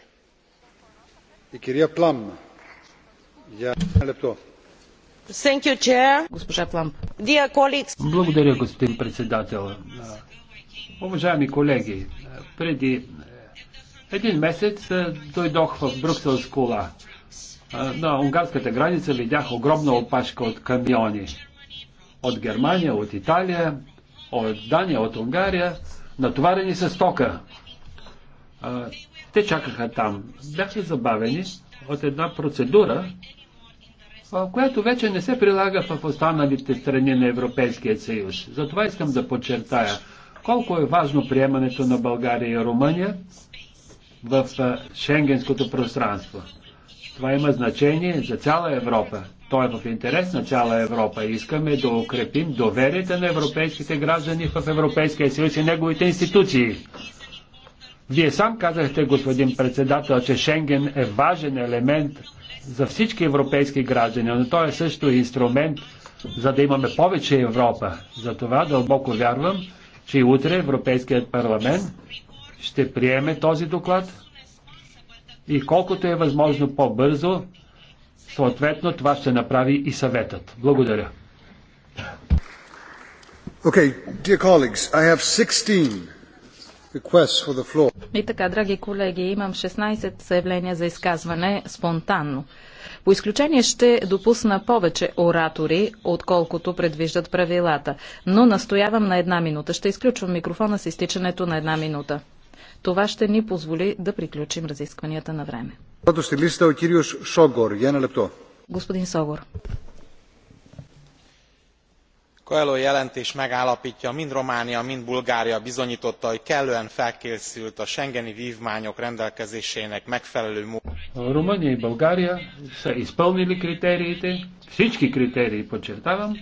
Благодаря, господин председател. Уважаеми колеги, преди е, един месец е, дойдох в Брюксел с кола. Е, на унгарската граница видях огромна опашка от камиони от Германия, от Италия, от Дания, от Унгария, натоварени с тока. Те чакаха там. Бяха забавени от една процедура, която вече не се прилага в останалите страни на Европейския съюз. Затова искам да подчертая колко е важно приемането на България и Румъния в шенгенското пространство. Това има значение за цяла Европа. То е в интерес на цяла Европа. Искаме да укрепим доверието на европейските граждани в Европейския съюз и неговите институции. Вие сам казахте, господин председател, че Шенген е важен елемент за всички европейски граждани, но той е също инструмент за да имаме повече Европа. Затова дълбоко вярвам, че и утре Европейският парламент ще приеме този доклад и колкото е възможно по-бързо Съответно, това ще направи и съветът. Благодаря. Okay, dear colleagues, I have 16 requests for the floor. И така, драги колеги, имам 16 заявления за изказване спонтанно. По изключение ще допусна повече оратори, отколкото предвиждат правилата, но настоявам на една минута. Ще изключвам микрофона с изтичането на една минута. Това ще ни позволи да приключим разискванията на време. Господин Согор. coelho jelentés megállaptja mind románia mind bulgária bizonytotta hogy kellően felkészült a schengeni vvmányok rendelkezéseinek megfelelő módon. Румъния и България са изпълнили критериите, всички критерии подчертавам,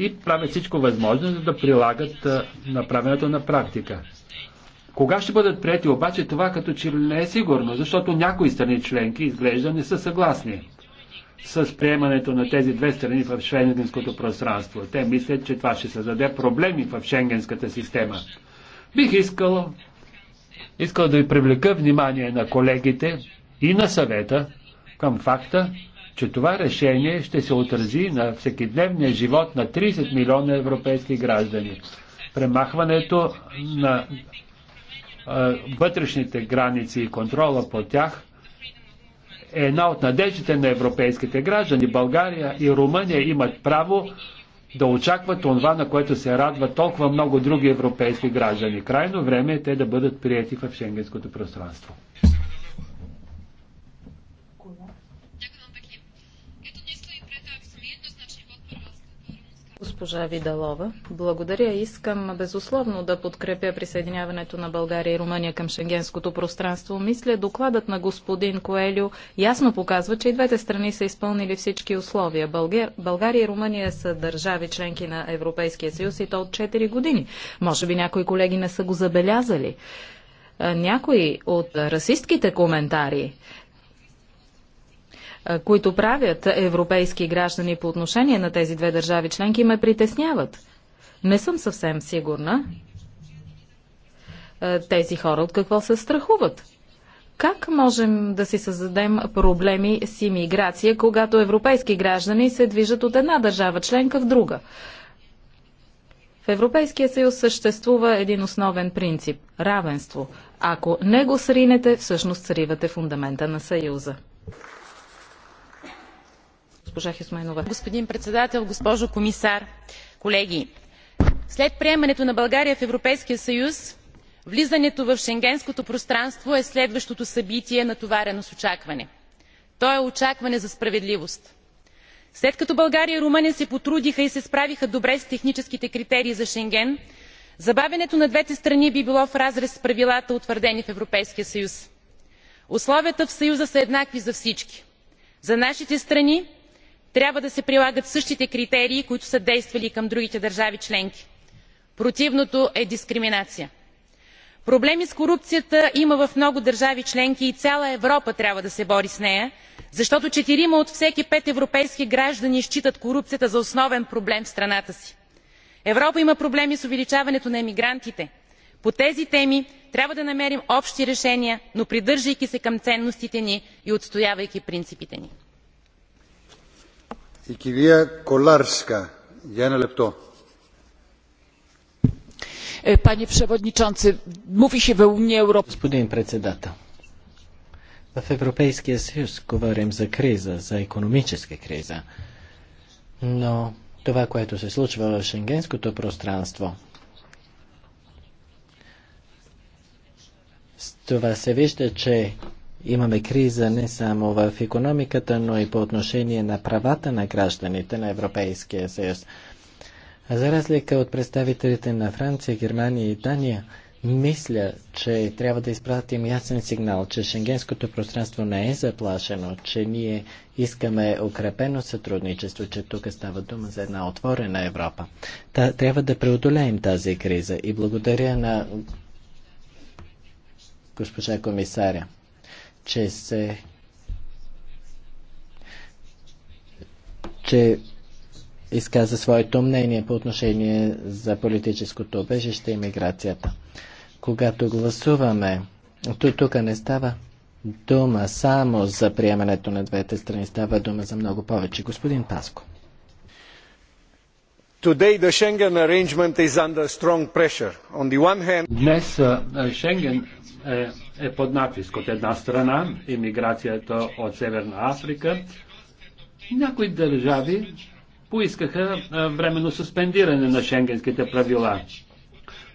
и правят всичко възможно, за да прилагат направеното на практика. Кога ще бъдат прияти обаче това като че не е сигурно, защото някои страни членки изглежда не са съгласни с приемането на тези две страни в шенгенското пространство. Те мислят, че това ще създаде проблеми в шенгенската система. Бих искал, искал да ви привлека внимание на колегите и на съвета към факта, че това решение ще се отрази на всекидневния живот на 30 милиона европейски граждани. Премахването на а, вътрешните граници и контрола по тях е една от надеждите на европейските граждани. България и Румъния имат право да очакват това, на което се радва толкова много други европейски граждани. Крайно време е те да бъдат прияти в шенгенското пространство. Госпожа Видалова, благодаря. Искам безусловно да подкрепя присъединяването на България и Румъния към шенгенското пространство. Мисля, докладът на господин Коелю ясно показва, че и двете страни са изпълнили всички условия. България и Румъния са държави членки на Европейския съюз и то от 4 години. Може би някои колеги не са го забелязали е, някои от расистските коментари които правят европейски граждани по отношение на тези две държави членки, ме притесняват. Не съм съвсем сигурна тези хора от какво се страхуват. Как можем да си създадем проблеми с имиграция, когато европейски граждани се движат от една държава членка в друга? В Европейския съюз съществува един основен принцип – равенство. Ако не го сринете, всъщност сривате фундамента на съюза. Господин председател, госпожо комисар, колеги! След приемането на България в Европейския съюз, влизането в Шенгенското пространство е следващото събитие, натоварено с очакване. То е очакване за справедливост. След като България и Румъния се потрудиха и се справиха добре с техническите критерии за Шенген, забавянето на двете страни би било в разрез с правилата, утвърдени в Европейския съюз. Условията в Съюза са еднакви за всички – за нашите страни трябва да се прилагат същите критерии които са действали и към другите държави членки. противното е дискриминация. проблеми с корупцията има в много държави членки и цяла европа трябва да се бори с нея защото четирима от всеки пет европейски граждани считат корупцията за основен проблем в страната си. европа има проблеми с увеличаването на емигрантите. по тези теми трябва да намерим общи решения но придържайки се към ценностите ни и отстоявайки принципите ни. Panie przewodniczący, mówi się w Unii Europejskiej. Господин председател, в говорим за криза, за економическа криза, но това, което се случва в шенгенското пространство, това се вижда, че Имаме криза не само в економиката, но и по отношение на правата на гражданите на Европейския съюз. за разлика от представителите на Франция, Германия и Дания, мисля, че трябва да изпратим ясен сигнал, че шенгенското пространство не е заплашено, че ние искаме укрепено сътрудничество, че тук става дума за една отворена Европа. Та, трябва да преодолеем тази криза и благодаря на госпожа комисаря че се че изказа своето мнение по отношение за политическото обежище и миграцията. Когато гласуваме, тук не става дума само за приемането на двете страни, става дума за много повече. Господин Паско. Today the Schengen arrangement is under strong pressure. On the one hand... Днес е, е, Шенген е, е под натиск от една страна, иммиграцията от Северна Африка. Някои държави поискаха е, временно суспендиране на шенгенските правила.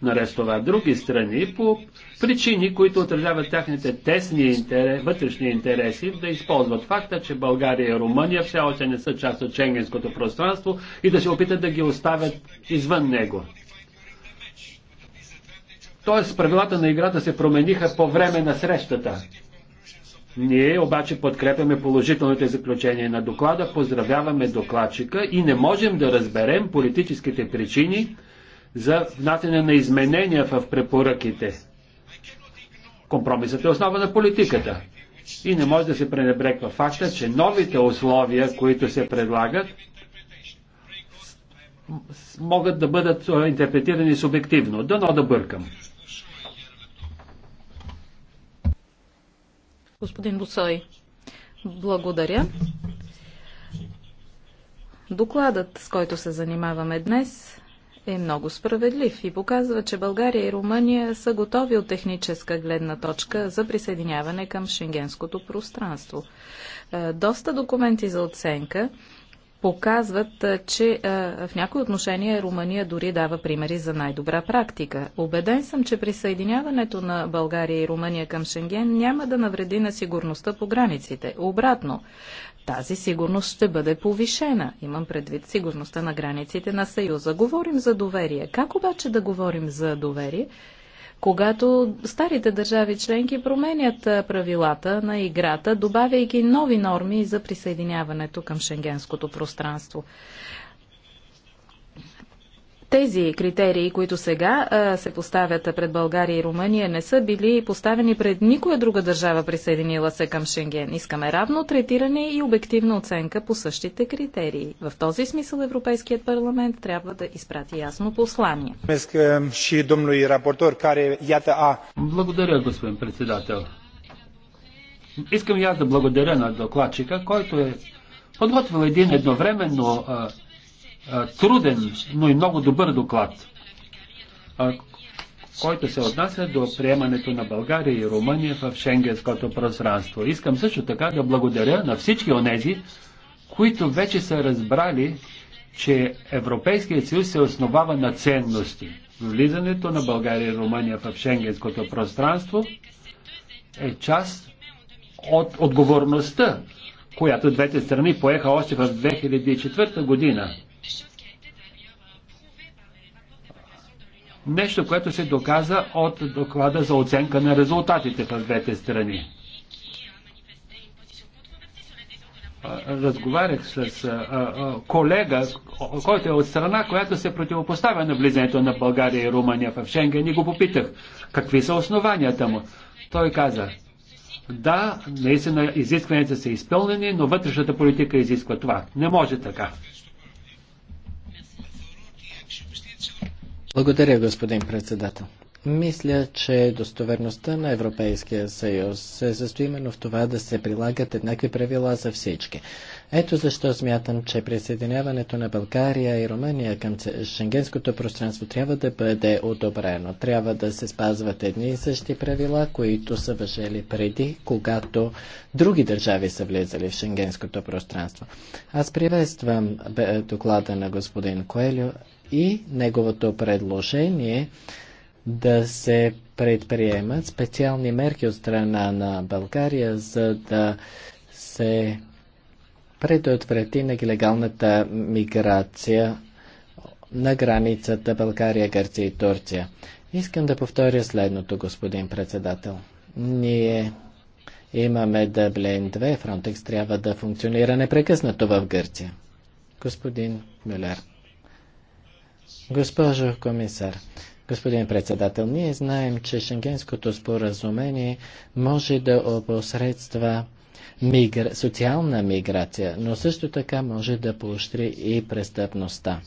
Наред с това други страни по причини, които отразяват тяхните тесни интерес, вътрешни интереси, да използват факта, че България и Румъния все още не са част от ченгенското пространство и да се опитат да ги оставят извън него. Тоест, правилата на играта се промениха по време на срещата. Ние обаче подкрепяме положителните заключения на доклада, поздравяваме докладчика и не можем да разберем политическите причини за внасяне на изменения в препоръките Компромисът е основа на политиката. И не може да се пренебрегва факта, че новите условия, които се предлагат, могат да бъдат интерпретирани субективно. Дано да бъркам. Господин Бусой, благодаря. Докладът, с който се занимаваме днес, е много справедлив и показва, че България и Румъния са готови от техническа гледна точка за присъединяване към шенгенското пространство. Е, доста документи за оценка показват, е, че е, в някои отношения Румъния дори дава примери за най-добра практика. Обеден съм, че присъединяването на България и Румъния към Шенген няма да навреди на сигурността по границите. Обратно, тази сигурност ще бъде повишена. Имам предвид сигурността на границите на Съюза. Говорим за доверие. Как обаче да говорим за доверие, когато старите държави членки променят правилата на играта, добавяйки нови норми за присъединяването към шенгенското пространство? Тези критерии, които сега а, се поставят пред България и Румъния, не са били поставени пред никоя друга държава, присъединила се към Шенген. Искаме равно третиране и обективна оценка по същите критерии. В този смисъл Европейският парламент трябва да изпрати ясно послание. Е, благодаря, господин председател. Искам и аз да благодаря на докладчика, който е подготвил един едновременно а, труден, но и много добър доклад, който се отнася до приемането на България и Румъния в шенгенското пространство. Искам също така да благодаря на всички онези, които вече са разбрали, че Европейският съюз се основава на ценности. Влизането на България и Румъния в шенгенското пространство е част от отговорността, която двете страни поеха още в 2004 година. Нещо, което се доказа от доклада за оценка на резултатите в двете страни. разговарях с колега, който е от страна, която се противопоставя на влизането на България и Румъния в Шенген и го попитах какви са основанията му. Той каза, да, наистина изискванията са изпълнени, но вътрешната политика изисква това. Не може така. Благодаря, господин председател. Мисля, че достоверността на Европейския съюз се състои именно в това да се прилагат еднакви правила за всички. Ето защо смятам, че присъединяването на България и Румъния към шенгенското пространство трябва да бъде одобрено. Трябва да се спазват едни и същи правила, които са въжели преди, когато други държави са влизали в шенгенското пространство. Аз приветствам доклада на господин Коелю и неговото предложение да се предприемат специални мерки от страна на България, за да се предотврати нелегалната миграция на границата България, Гърция и Турция. Искам да повторя следното, господин председател. Ние имаме Дъблен 2, Фронтекс трябва да функционира непрекъснато в Гърция. Господин Мюлер. Госпожо комисар, господин председател, ние знаем, че Шенгенското споразумение може да опосредства мигра... социална миграция, но също така може да поощри и престъпността.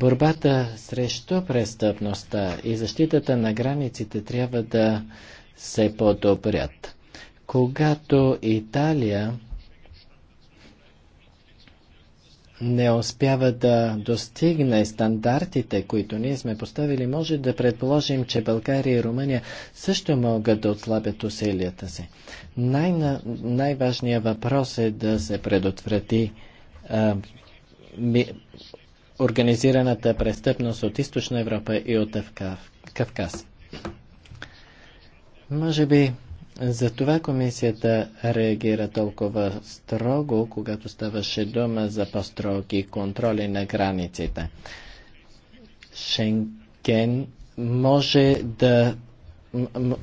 Борбата срещу престъпността и защитата на границите трябва да се подобрят. Когато Италия не успява да достигне стандартите, които ние сме поставили, може да предположим, че България и Румъния също могат да отслабят усилията си. Най- най-важният въпрос е да се предотврати а, ми, организираната престъпност от Източна Европа и от Кавказ. Може би затова комисията реагира толкова строго, когато ставаше дума за по-строги контроли на границите. Шенген може да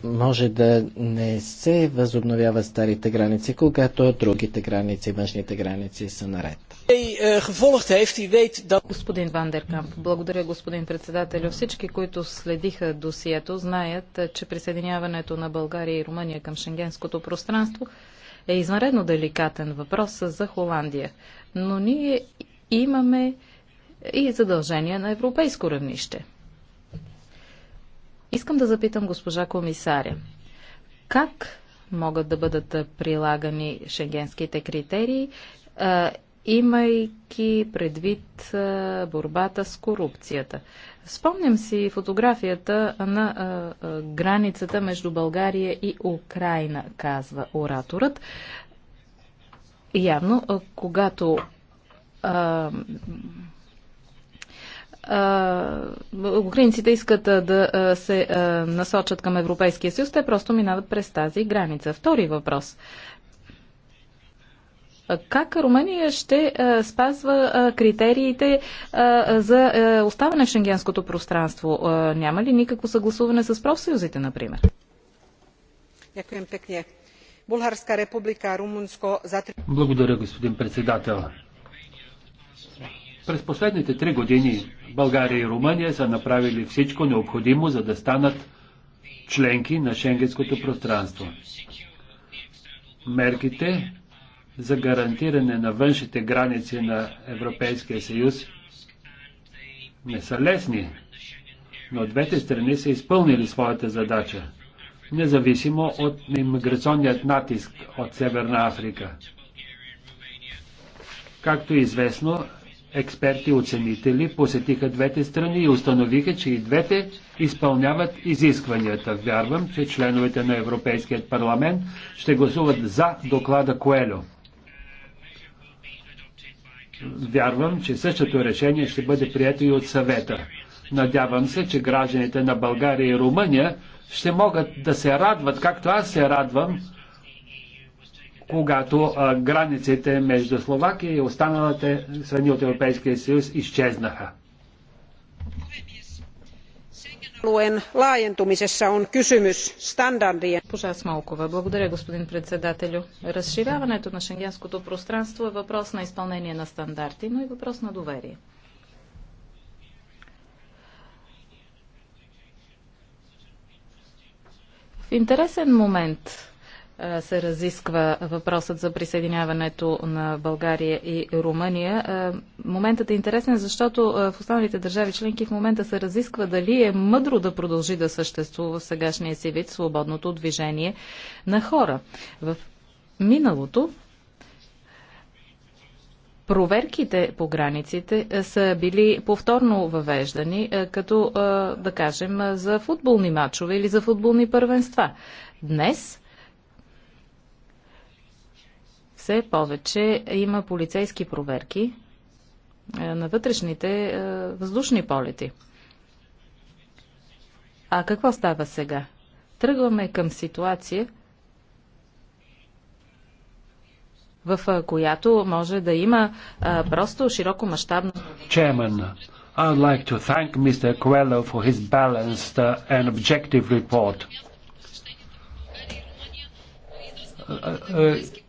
може да не се възобновяват старите граници, когато другите граници, външните граници са наред. Е, е, господин Вандеркамп, благодаря господин председател. Всички, които следиха досието, знаят, е, че присъединяването на България и Румъния към шенгенското пространство е извънредно деликатен въпрос за Холандия. Но ние имаме и задължения на европейско равнище. Искам да запитам госпожа комисаря. Как могат да бъдат прилагани шенгенските критерии, имайки предвид борбата с корупцията? Спомням си фотографията на границата между България и Украина, казва ораторът. Явно, когато украинците искат да се насочат към Европейския съюз, те просто минават през тази граница. Втори въпрос. Как Румъния ще спазва критериите за оставане в шенгенското пространство? Няма ли никакво съгласуване с профсъюзите, например? Благодаря, господин председател. През последните три години България и Румъния са направили всичко необходимо, за да станат членки на шенгенското пространство. Мерките за гарантиране на външните граници на Европейския съюз не са лесни, но двете страни са изпълнили своята задача, независимо от иммиграционният натиск от Северна Африка. Както е известно, експерти, оценители посетиха двете страни и установиха, че и двете изпълняват изискванията. Вярвам, че членовете на Европейският парламент ще гласуват за доклада Коелю. Вярвам, че същото решение ще бъде прието и от съвета. Надявам се, че гражданите на България и Румъния ще могат да се радват, както аз се радвам, когато а, границите между Словакия и останалите страни от Европейския съюз изчезнаха. Alueen laajentumisessa on kysymys standardien. Смолкова, благодаря господин председателю. Разширяването на шенгенското пространство е въпрос на изпълнение на стандарти, но и въпрос на доверие. В интересен момент се разисква въпросът за присъединяването на България и Румъния. Моментът е интересен, защото в останалите държави членки в момента се разисква дали е мъдро да продължи да съществува в сегашния си вид свободното движение на хора. В миналото проверките по границите са били повторно въвеждани, като, да кажем, за футболни матчове или за футболни първенства. Днес все повече има полицейски проверки е, на вътрешните е, въздушни полети. А какво става сега? Тръгваме към ситуация, в е, която може да има а, просто широко мащабно. Chairman, I'd like to thank Mr. Coelho for his balanced uh, and objective report. Uh, uh,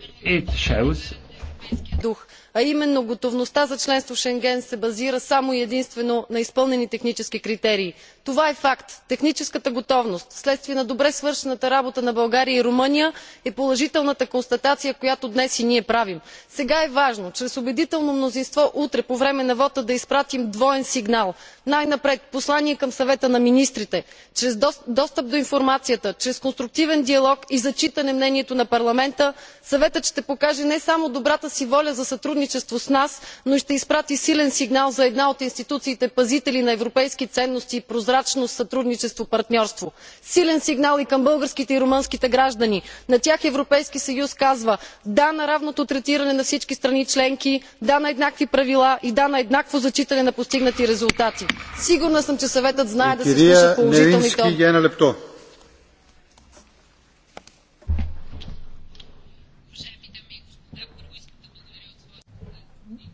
дух а именно готовността за членство в шенген се базира само и единствено на изпълнени технически критерии това е факт. техническата готовност вследствие на добре свършената работа на българия и румъния е положителната констатация която днес и ние правим. сега е важно чрез убедително мнозинство утре по време на вота да изпратим двоен сигнал най напред послание към съвета на министрите чрез достъп до информацията чрез конструктивен диалог и зачитане мнението на парламента съветът ще покаже не само добрата си воля за сътрудничество с нас но и ще изпрати силен сигнал за една от институциите пазители на европейски ценности и прозрачност сътрудничество партньорство. силен сигнал и към българските и румънските граждани. на тях европейският съюз казва да на равното третиране на всички страни членки да на еднакви правила и да на еднакво зачитане на постигнати резултати. сигурна съм че съветът знае да се е, слуша положителните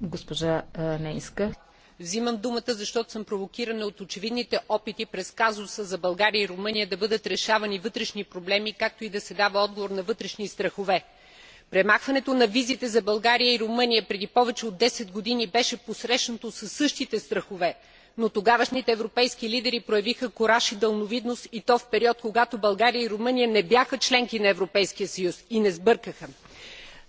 госпожа е, Нейска. Взимам думата, защото съм провокирана от очевидните опити през казуса за България и Румъния да бъдат решавани вътрешни проблеми, както и да се дава отговор на вътрешни страхове. Премахването на визите за България и Румъния преди повече от 10 години беше посрещнато със същите страхове, но тогавашните европейски лидери проявиха кураж и далновидност и то в период, когато България и Румъния не бяха членки на Европейския съюз и не сбъркаха.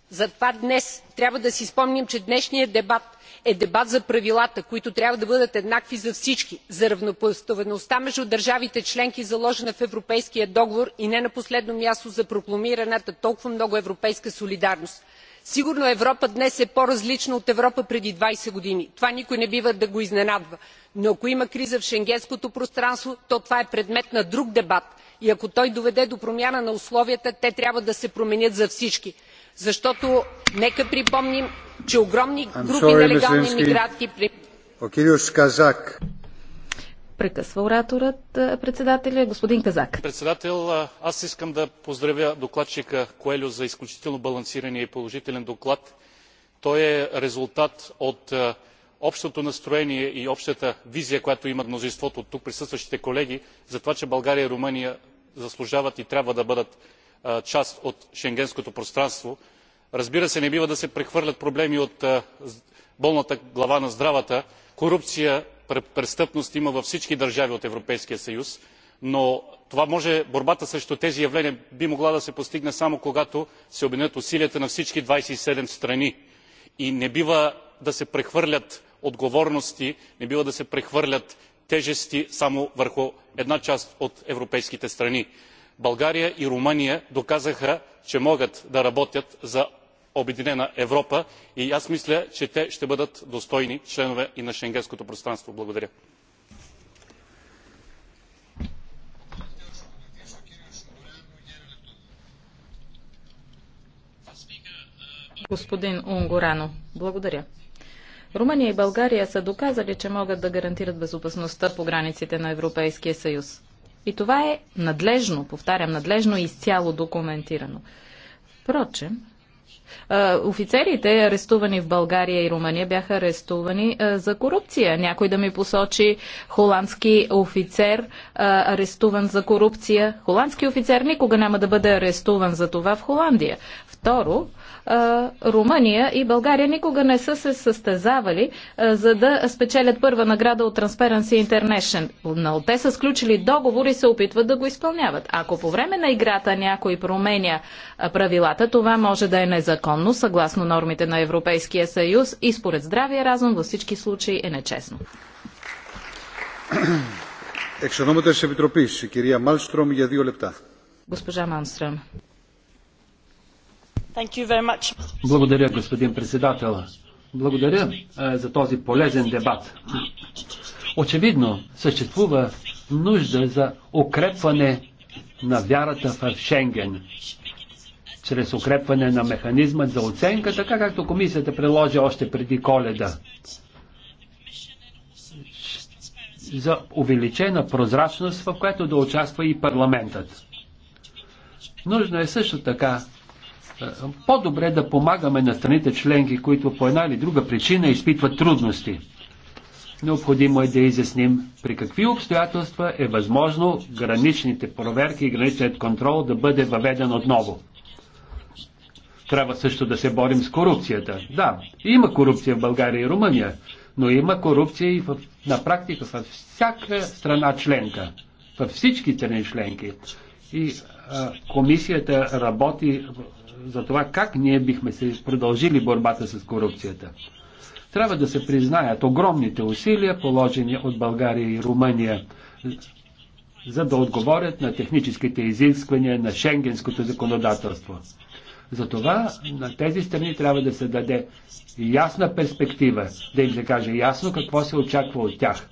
Затова днес трябва да си спомним, че днешният дебат е дебат за правилата които трябва да бъдат еднакви за всички за равнопоставеността между държавите членки заложена в европейския договор и не на последно място за прокламираната толкова много европейска солидарност. сигурно европа днес е по различна от европа преди двадесет години това никой не бива да го изненадва но ако има криза в шенгенското пространство то това е предмет на друг дебат и ако той доведе до промяна на условията те трябва да се променят за всички. Защото нека припомним, че огромни групи нелегални мигранти... Прекъсва ораторът е, председателя, господин Казак. Председател, е, аз искам да поздравя докладчика Коелю за изключително балансирания и положителен доклад. Той е резултат от е, общото настроение и общата визия, която има мнозинството от тук присъстващите колеги за това, че България и Румъния заслужават и трябва да бъдат част от шенгенското пространство. разбира се не бива да се прехвърлят проблеми от болната глава на здравата. корупция престъпност има във всички държави от европейския съюз но борбата срещу тези явления би могла да се постигне само когато се обединят усилията на всички двадесет и седем страни и не бива да се прехвърлят отговорности не бива да се прехвърлят тежести само върху една част от европейските страни. България и румъния доказаха че могат да работят за обединена европа и аз мисля че те ще бъдат достойни членове и на шенгенското пространство. благодаря. Господин благодаря. Румъния и България са доказали, че могат да гарантират безопасността по границите на Европейския съюз. И това е надлежно, повтарям, надлежно и изцяло документирано. Впрочем, Офицерите, арестувани в България и Румъния, бяха арестувани за корупция. Някой да ми посочи холандски офицер, арестуван за корупция. Холандски офицер никога няма да бъде арестуван за това в Холандия. Второ, Румъния и България никога не са се състезавали за да спечелят първа награда от Transparency International. Те са сключили договор и се опитват да го изпълняват. Ако по време на играта някой променя правилата, това може да е незаконно, съгласно нормите на Европейския съюз и според здравия разум във всички случаи е нечестно. Εξ Επιτροπής, η κυρία Μάλστρομ για δύο λεπτά. Госпожа Μάλστρομ. Благодаря, господин председател. Благодаря е, за този полезен дебат. Очевидно съществува нужда за укрепване на вярата в Шенген чрез укрепване на механизма за оценка, така както комисията приложи още преди коледа. За увеличена прозрачност, в която да участва и парламентът. Нужно е също така е, по-добре да помагаме на страните членки, които по една или друга причина изпитват трудности. Необходимо е да изясним при какви обстоятелства е възможно граничните проверки и граничният контрол да бъде въведен отново. Трябва също да се борим с корупцията. Да, има корупция в България и Румъния, но има корупция и в, на практика във всяка страна членка, във всички страни членки. И комисията работи за това как ние бихме се продължили борбата с корупцията. Трябва да се признаят огромните усилия, положени от България и Румъния, за да отговорят на техническите изисквания на шенгенското законодателство. Затова на тези страни трябва да се даде ясна перспектива, да им се каже ясно какво се очаква от тях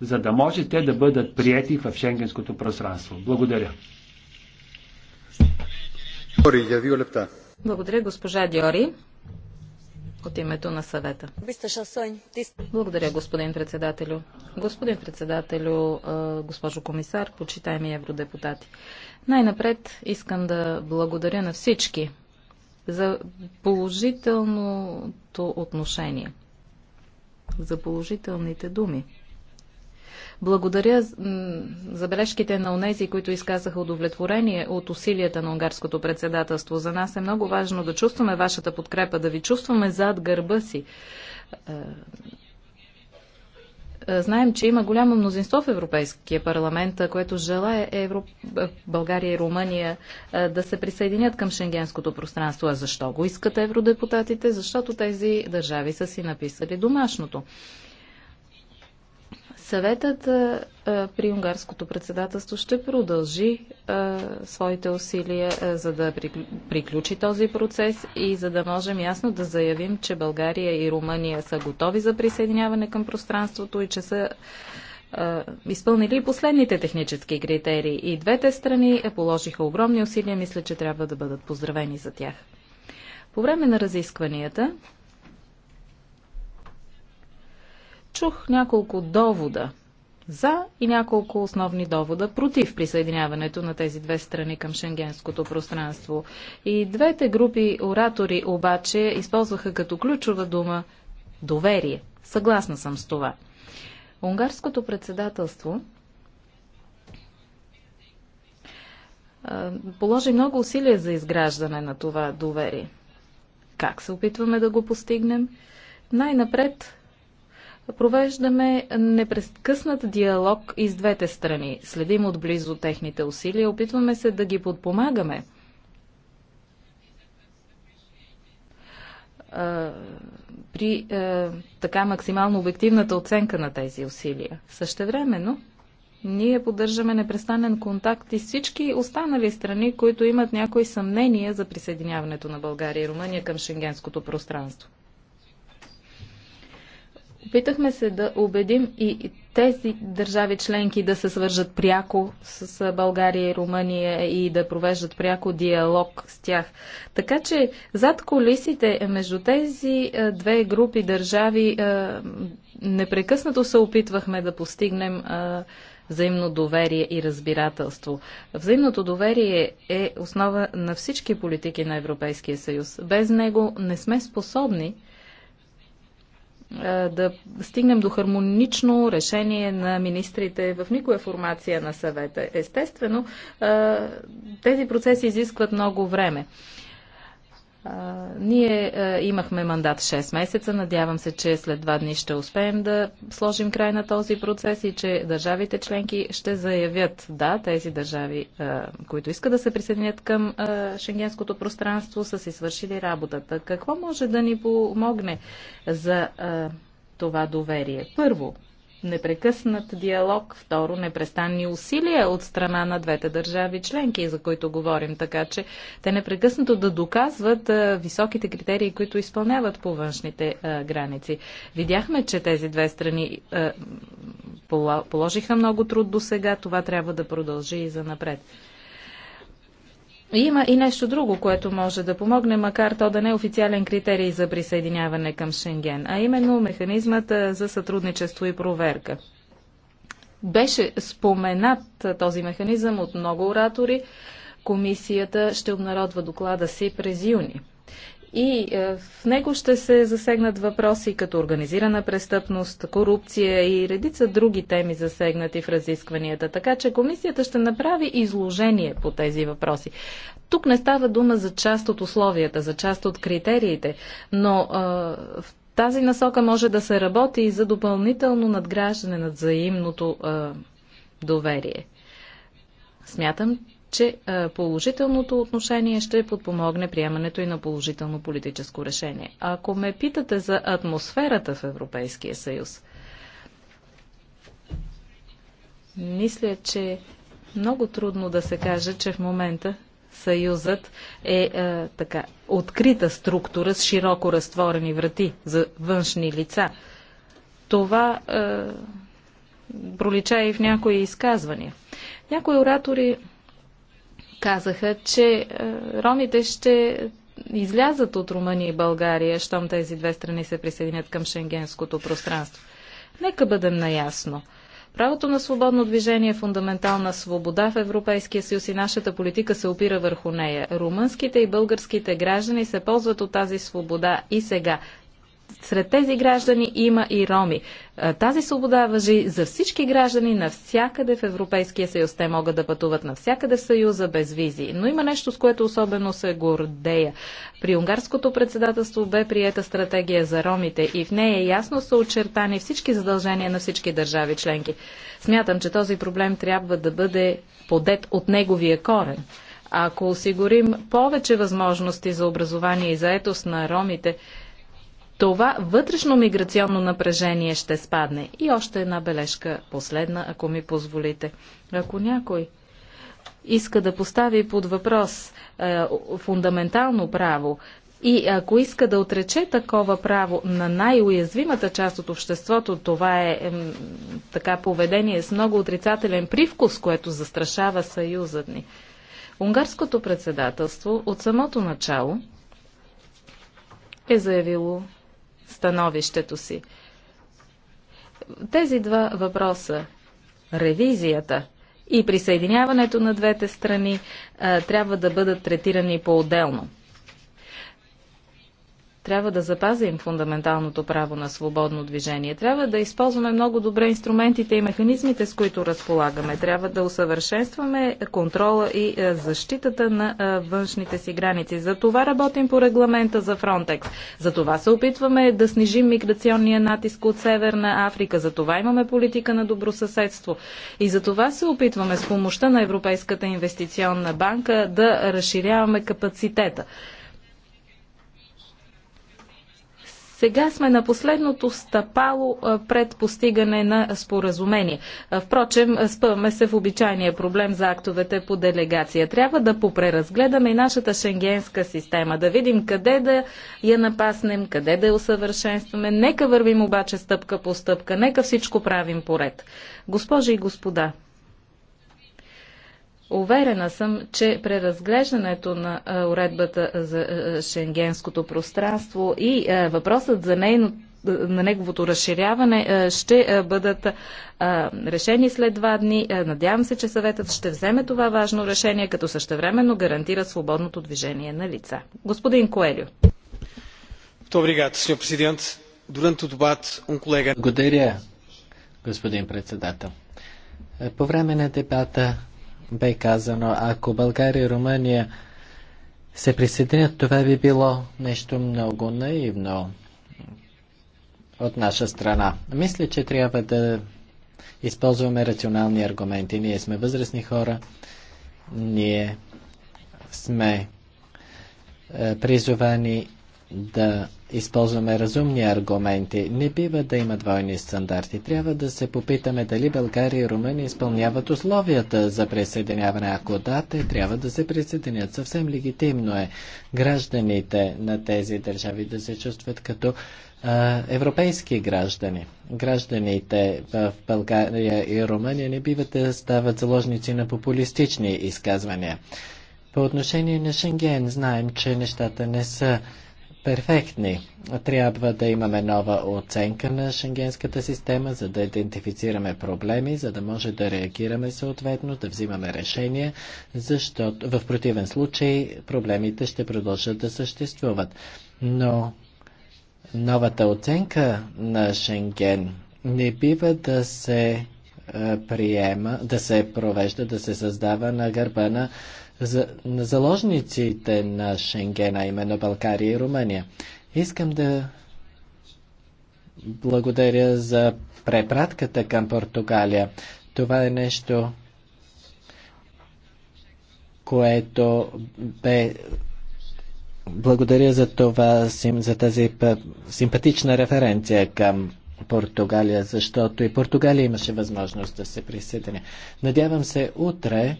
за да може те да бъдат прияти в шенгенското пространство. Благодаря. Благодаря, госпожа Диори, от името на съвета. Благодаря, господин председателю. Господин председателю, госпожо комисар, почитаеми евродепутати. Най-напред искам да благодаря на всички за положителното отношение, за положителните думи. Благодаря забележките на онези, които изказаха удовлетворение от усилията на унгарското председателство. За нас е много важно да чувстваме вашата подкрепа, да ви чувстваме зад гърба си. Е, е, знаем, че има голямо мнозинство в Европейския парламент, е, което желая Евро... България и Румъния да се присъединят към шенгенското пространство. А защо го искат евродепутатите? Защото тези държави са си написали домашното. Съветът е, е, при унгарското председателство ще продължи е, своите усилия за да приключи този процес и за да можем ясно да заявим, че България и Румъния са готови за присъединяване към пространството и че са изпълнили и последните технически критерии. И двете страни положиха огромни усилия, мисля, че трябва да бъдат поздравени за тях. По време на разискванията Чух няколко довода за и няколко основни довода против присъединяването на тези две страни към шенгенското пространство. И двете групи оратори обаче използваха като ключова дума доверие. Съгласна съм с това. Унгарското председателство положи много усилия за изграждане на това доверие. Как се опитваме да го постигнем? Най-напред Провеждаме непрекъснат диалог и с двете страни. Следим отблизо техните усилия, опитваме се да ги подпомагаме. при е, така максимално обективната оценка на тези усилия. Същевременно, ние поддържаме непрестанен контакт и с всички останали страни, които имат някои съмнения за присъединяването на България и Румъния към шенгенското пространство. Опитахме се да убедим и тези държави членки да се свържат пряко с България и Румъния и да провеждат пряко диалог с тях. Така че зад колисите между тези две групи държави непрекъснато се опитвахме да постигнем взаимно доверие и разбирателство. Взаимното доверие е основа на всички политики на Европейския съюз. Без него не сме способни е, да стигнем до хармонично решение на министрите в никоя формация на съвета. Естествено, е, тези процеси изискват много време. А, ние а, имахме мандат 6 месеца. Надявам се, че след два дни ще успеем да сложим край на този процес и че държавите членки ще заявят да, тези държави, а, които искат да се присъединят към а, шенгенското пространство, са си свършили работата. Какво може да ни помогне за а, това доверие? Първо, непрекъснат диалог, второ непрестанни усилия от страна на двете държави членки, за които говорим, така че те непрекъснато да доказват високите критерии, които изпълняват по външните граници. Видяхме, че тези две страни положиха много труд до сега, това трябва да продължи и за напред. Има и нещо друго, което може да помогне, макар то да не е официален критерий за присъединяване към Шенген, а именно механизмът за сътрудничество и проверка. Беше споменат този механизъм от много оратори. Комисията ще обнародва доклада си през юни и е, в него ще се засегнат въпроси като организирана престъпност, корупция и редица други теми засегнати в разискванията. Така че комисията ще направи изложение по тези въпроси. Тук не става дума за част от условията, за част от критериите, но е, в тази насока може да се работи и за допълнително надграждане на взаимното е, доверие. Смятам, че положителното отношение ще подпомогне приемането и на положително политическо решение. Ако ме питате за атмосферата в Европейския съюз, мисля, че много трудно да се каже, че в момента Съюзът е, е така открита структура с широко разтворени врати за външни лица. Това е, пролича и в някои изказвания. Някои оратори казаха, че е, ромите ще излязат от Румъния и България, щом тези две страни се присъединят към шенгенското пространство. Нека бъдем наясно. Правото на свободно движение е фундаментална свобода в Европейския съюз и нашата политика се опира върху нея. Румънските и българските граждани се ползват от тази свобода и сега. Сред тези граждани има и роми. Тази свобода въжи за всички граждани навсякъде в Европейския съюз. Те могат да пътуват навсякъде в съюза без визи. Но има нещо, с което особено се гордея. При унгарското председателство бе приета стратегия за ромите и в нея ясно са очертани всички задължения на всички държави членки. Смятам, че този проблем трябва да бъде подет от неговия корен. Ако осигурим повече възможности за образование и заетост на ромите, това вътрешно миграционно напрежение ще спадне. И още една бележка, последна, ако ми позволите. Ако някой иска да постави под въпрос е, фундаментално право и ако иска да отрече такова право на най-уязвимата част от обществото, това е, е така поведение с много отрицателен привкус, което застрашава съюзът ни. Унгарското председателство от самото начало е заявило становището си. Тези два въпроса, ревизията и присъединяването на двете страни, трябва да бъдат третирани по-отделно. Трябва да запазим фундаменталното право на свободно движение. Трябва да използваме много добре инструментите и механизмите, с които разполагаме. Трябва да усъвършенстваме контрола и е, защитата на е, външните си граници. За това работим по регламента за Фронтекс. За това се опитваме да снижим миграционния натиск от Северна Африка. За това имаме политика на добросъседство. И за това се опитваме с помощта на Европейската инвестиционна банка да разширяваме капацитета. Сега сме на последното стъпало пред постигане на споразумение. Впрочем, спъваме се в обичайния проблем за актовете по делегация. Трябва да попреразгледаме и нашата шенгенска система, да видим къде да я напаснем, къде да я усъвършенстваме. Нека вървим обаче стъпка по стъпка, нека всичко правим поред. Госпожи и господа, Уверена съм, че преразглеждането на уредбата за шенгенското пространство и въпросът за нейно, на неговото разширяване ще бъдат решени след два дни. Надявам се, че съветът ще вземе това важно решение, като същевременно гарантира свободното движение на лица. Господин Коелю. Um Благодаря, господин председател. По време на дебата бе казано, ако България и Румъния се присъединят, това би било нещо много наивно от наша страна. Мисля, че трябва да използваме рационални аргументи. Ние сме възрастни хора, ние сме е, призовани да използваме разумни аргументи. Не бива да има двойни стандарти. Трябва да се попитаме дали България и Румъния изпълняват условията за присъединяване. Ако да, те трябва да се присъединят. Съвсем легитимно е гражданите на тези държави да се чувстват като а, европейски граждани. Гражданите в България и Румъния не биват да стават заложници на популистични изказвания. По отношение на Шенген знаем, че нещата не са перфектни. Трябва да имаме нова оценка на шенгенската система, за да идентифицираме проблеми, за да може да реагираме съответно, да взимаме решения, защото в противен случай проблемите ще продължат да съществуват. Но новата оценка на Шенген не бива да се е, приема, да се провежда, да се създава на гърба на за заложниците на Шенгена, именно България и Румъния. Искам да благодаря за препратката към Португалия. Това е нещо, което бе благодаря за, това, за тази симпатична референция към Португалия, защото и Португалия имаше възможност да се присъедини. Надявам се утре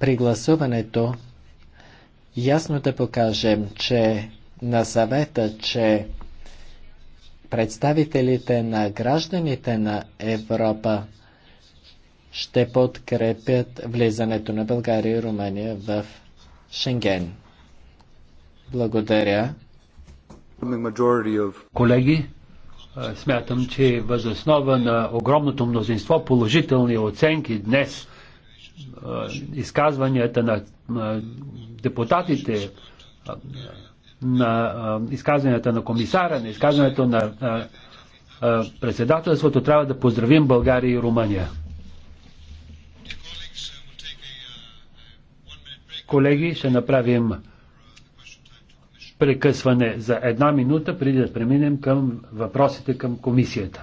при гласуването ясно да покажем, че на съвета, че представителите на гражданите на Европа ще подкрепят влизането на България и Румъния в Шенген. Благодаря. Колеги, смятам, че възоснова на огромното мнозинство положителни оценки днес изказванията на депутатите, на изказванията на комисара, на изказването на председателството, трябва да поздравим България и Румъния. Колеги, ще направим прекъсване за една минута, преди да преминем към въпросите към комисията.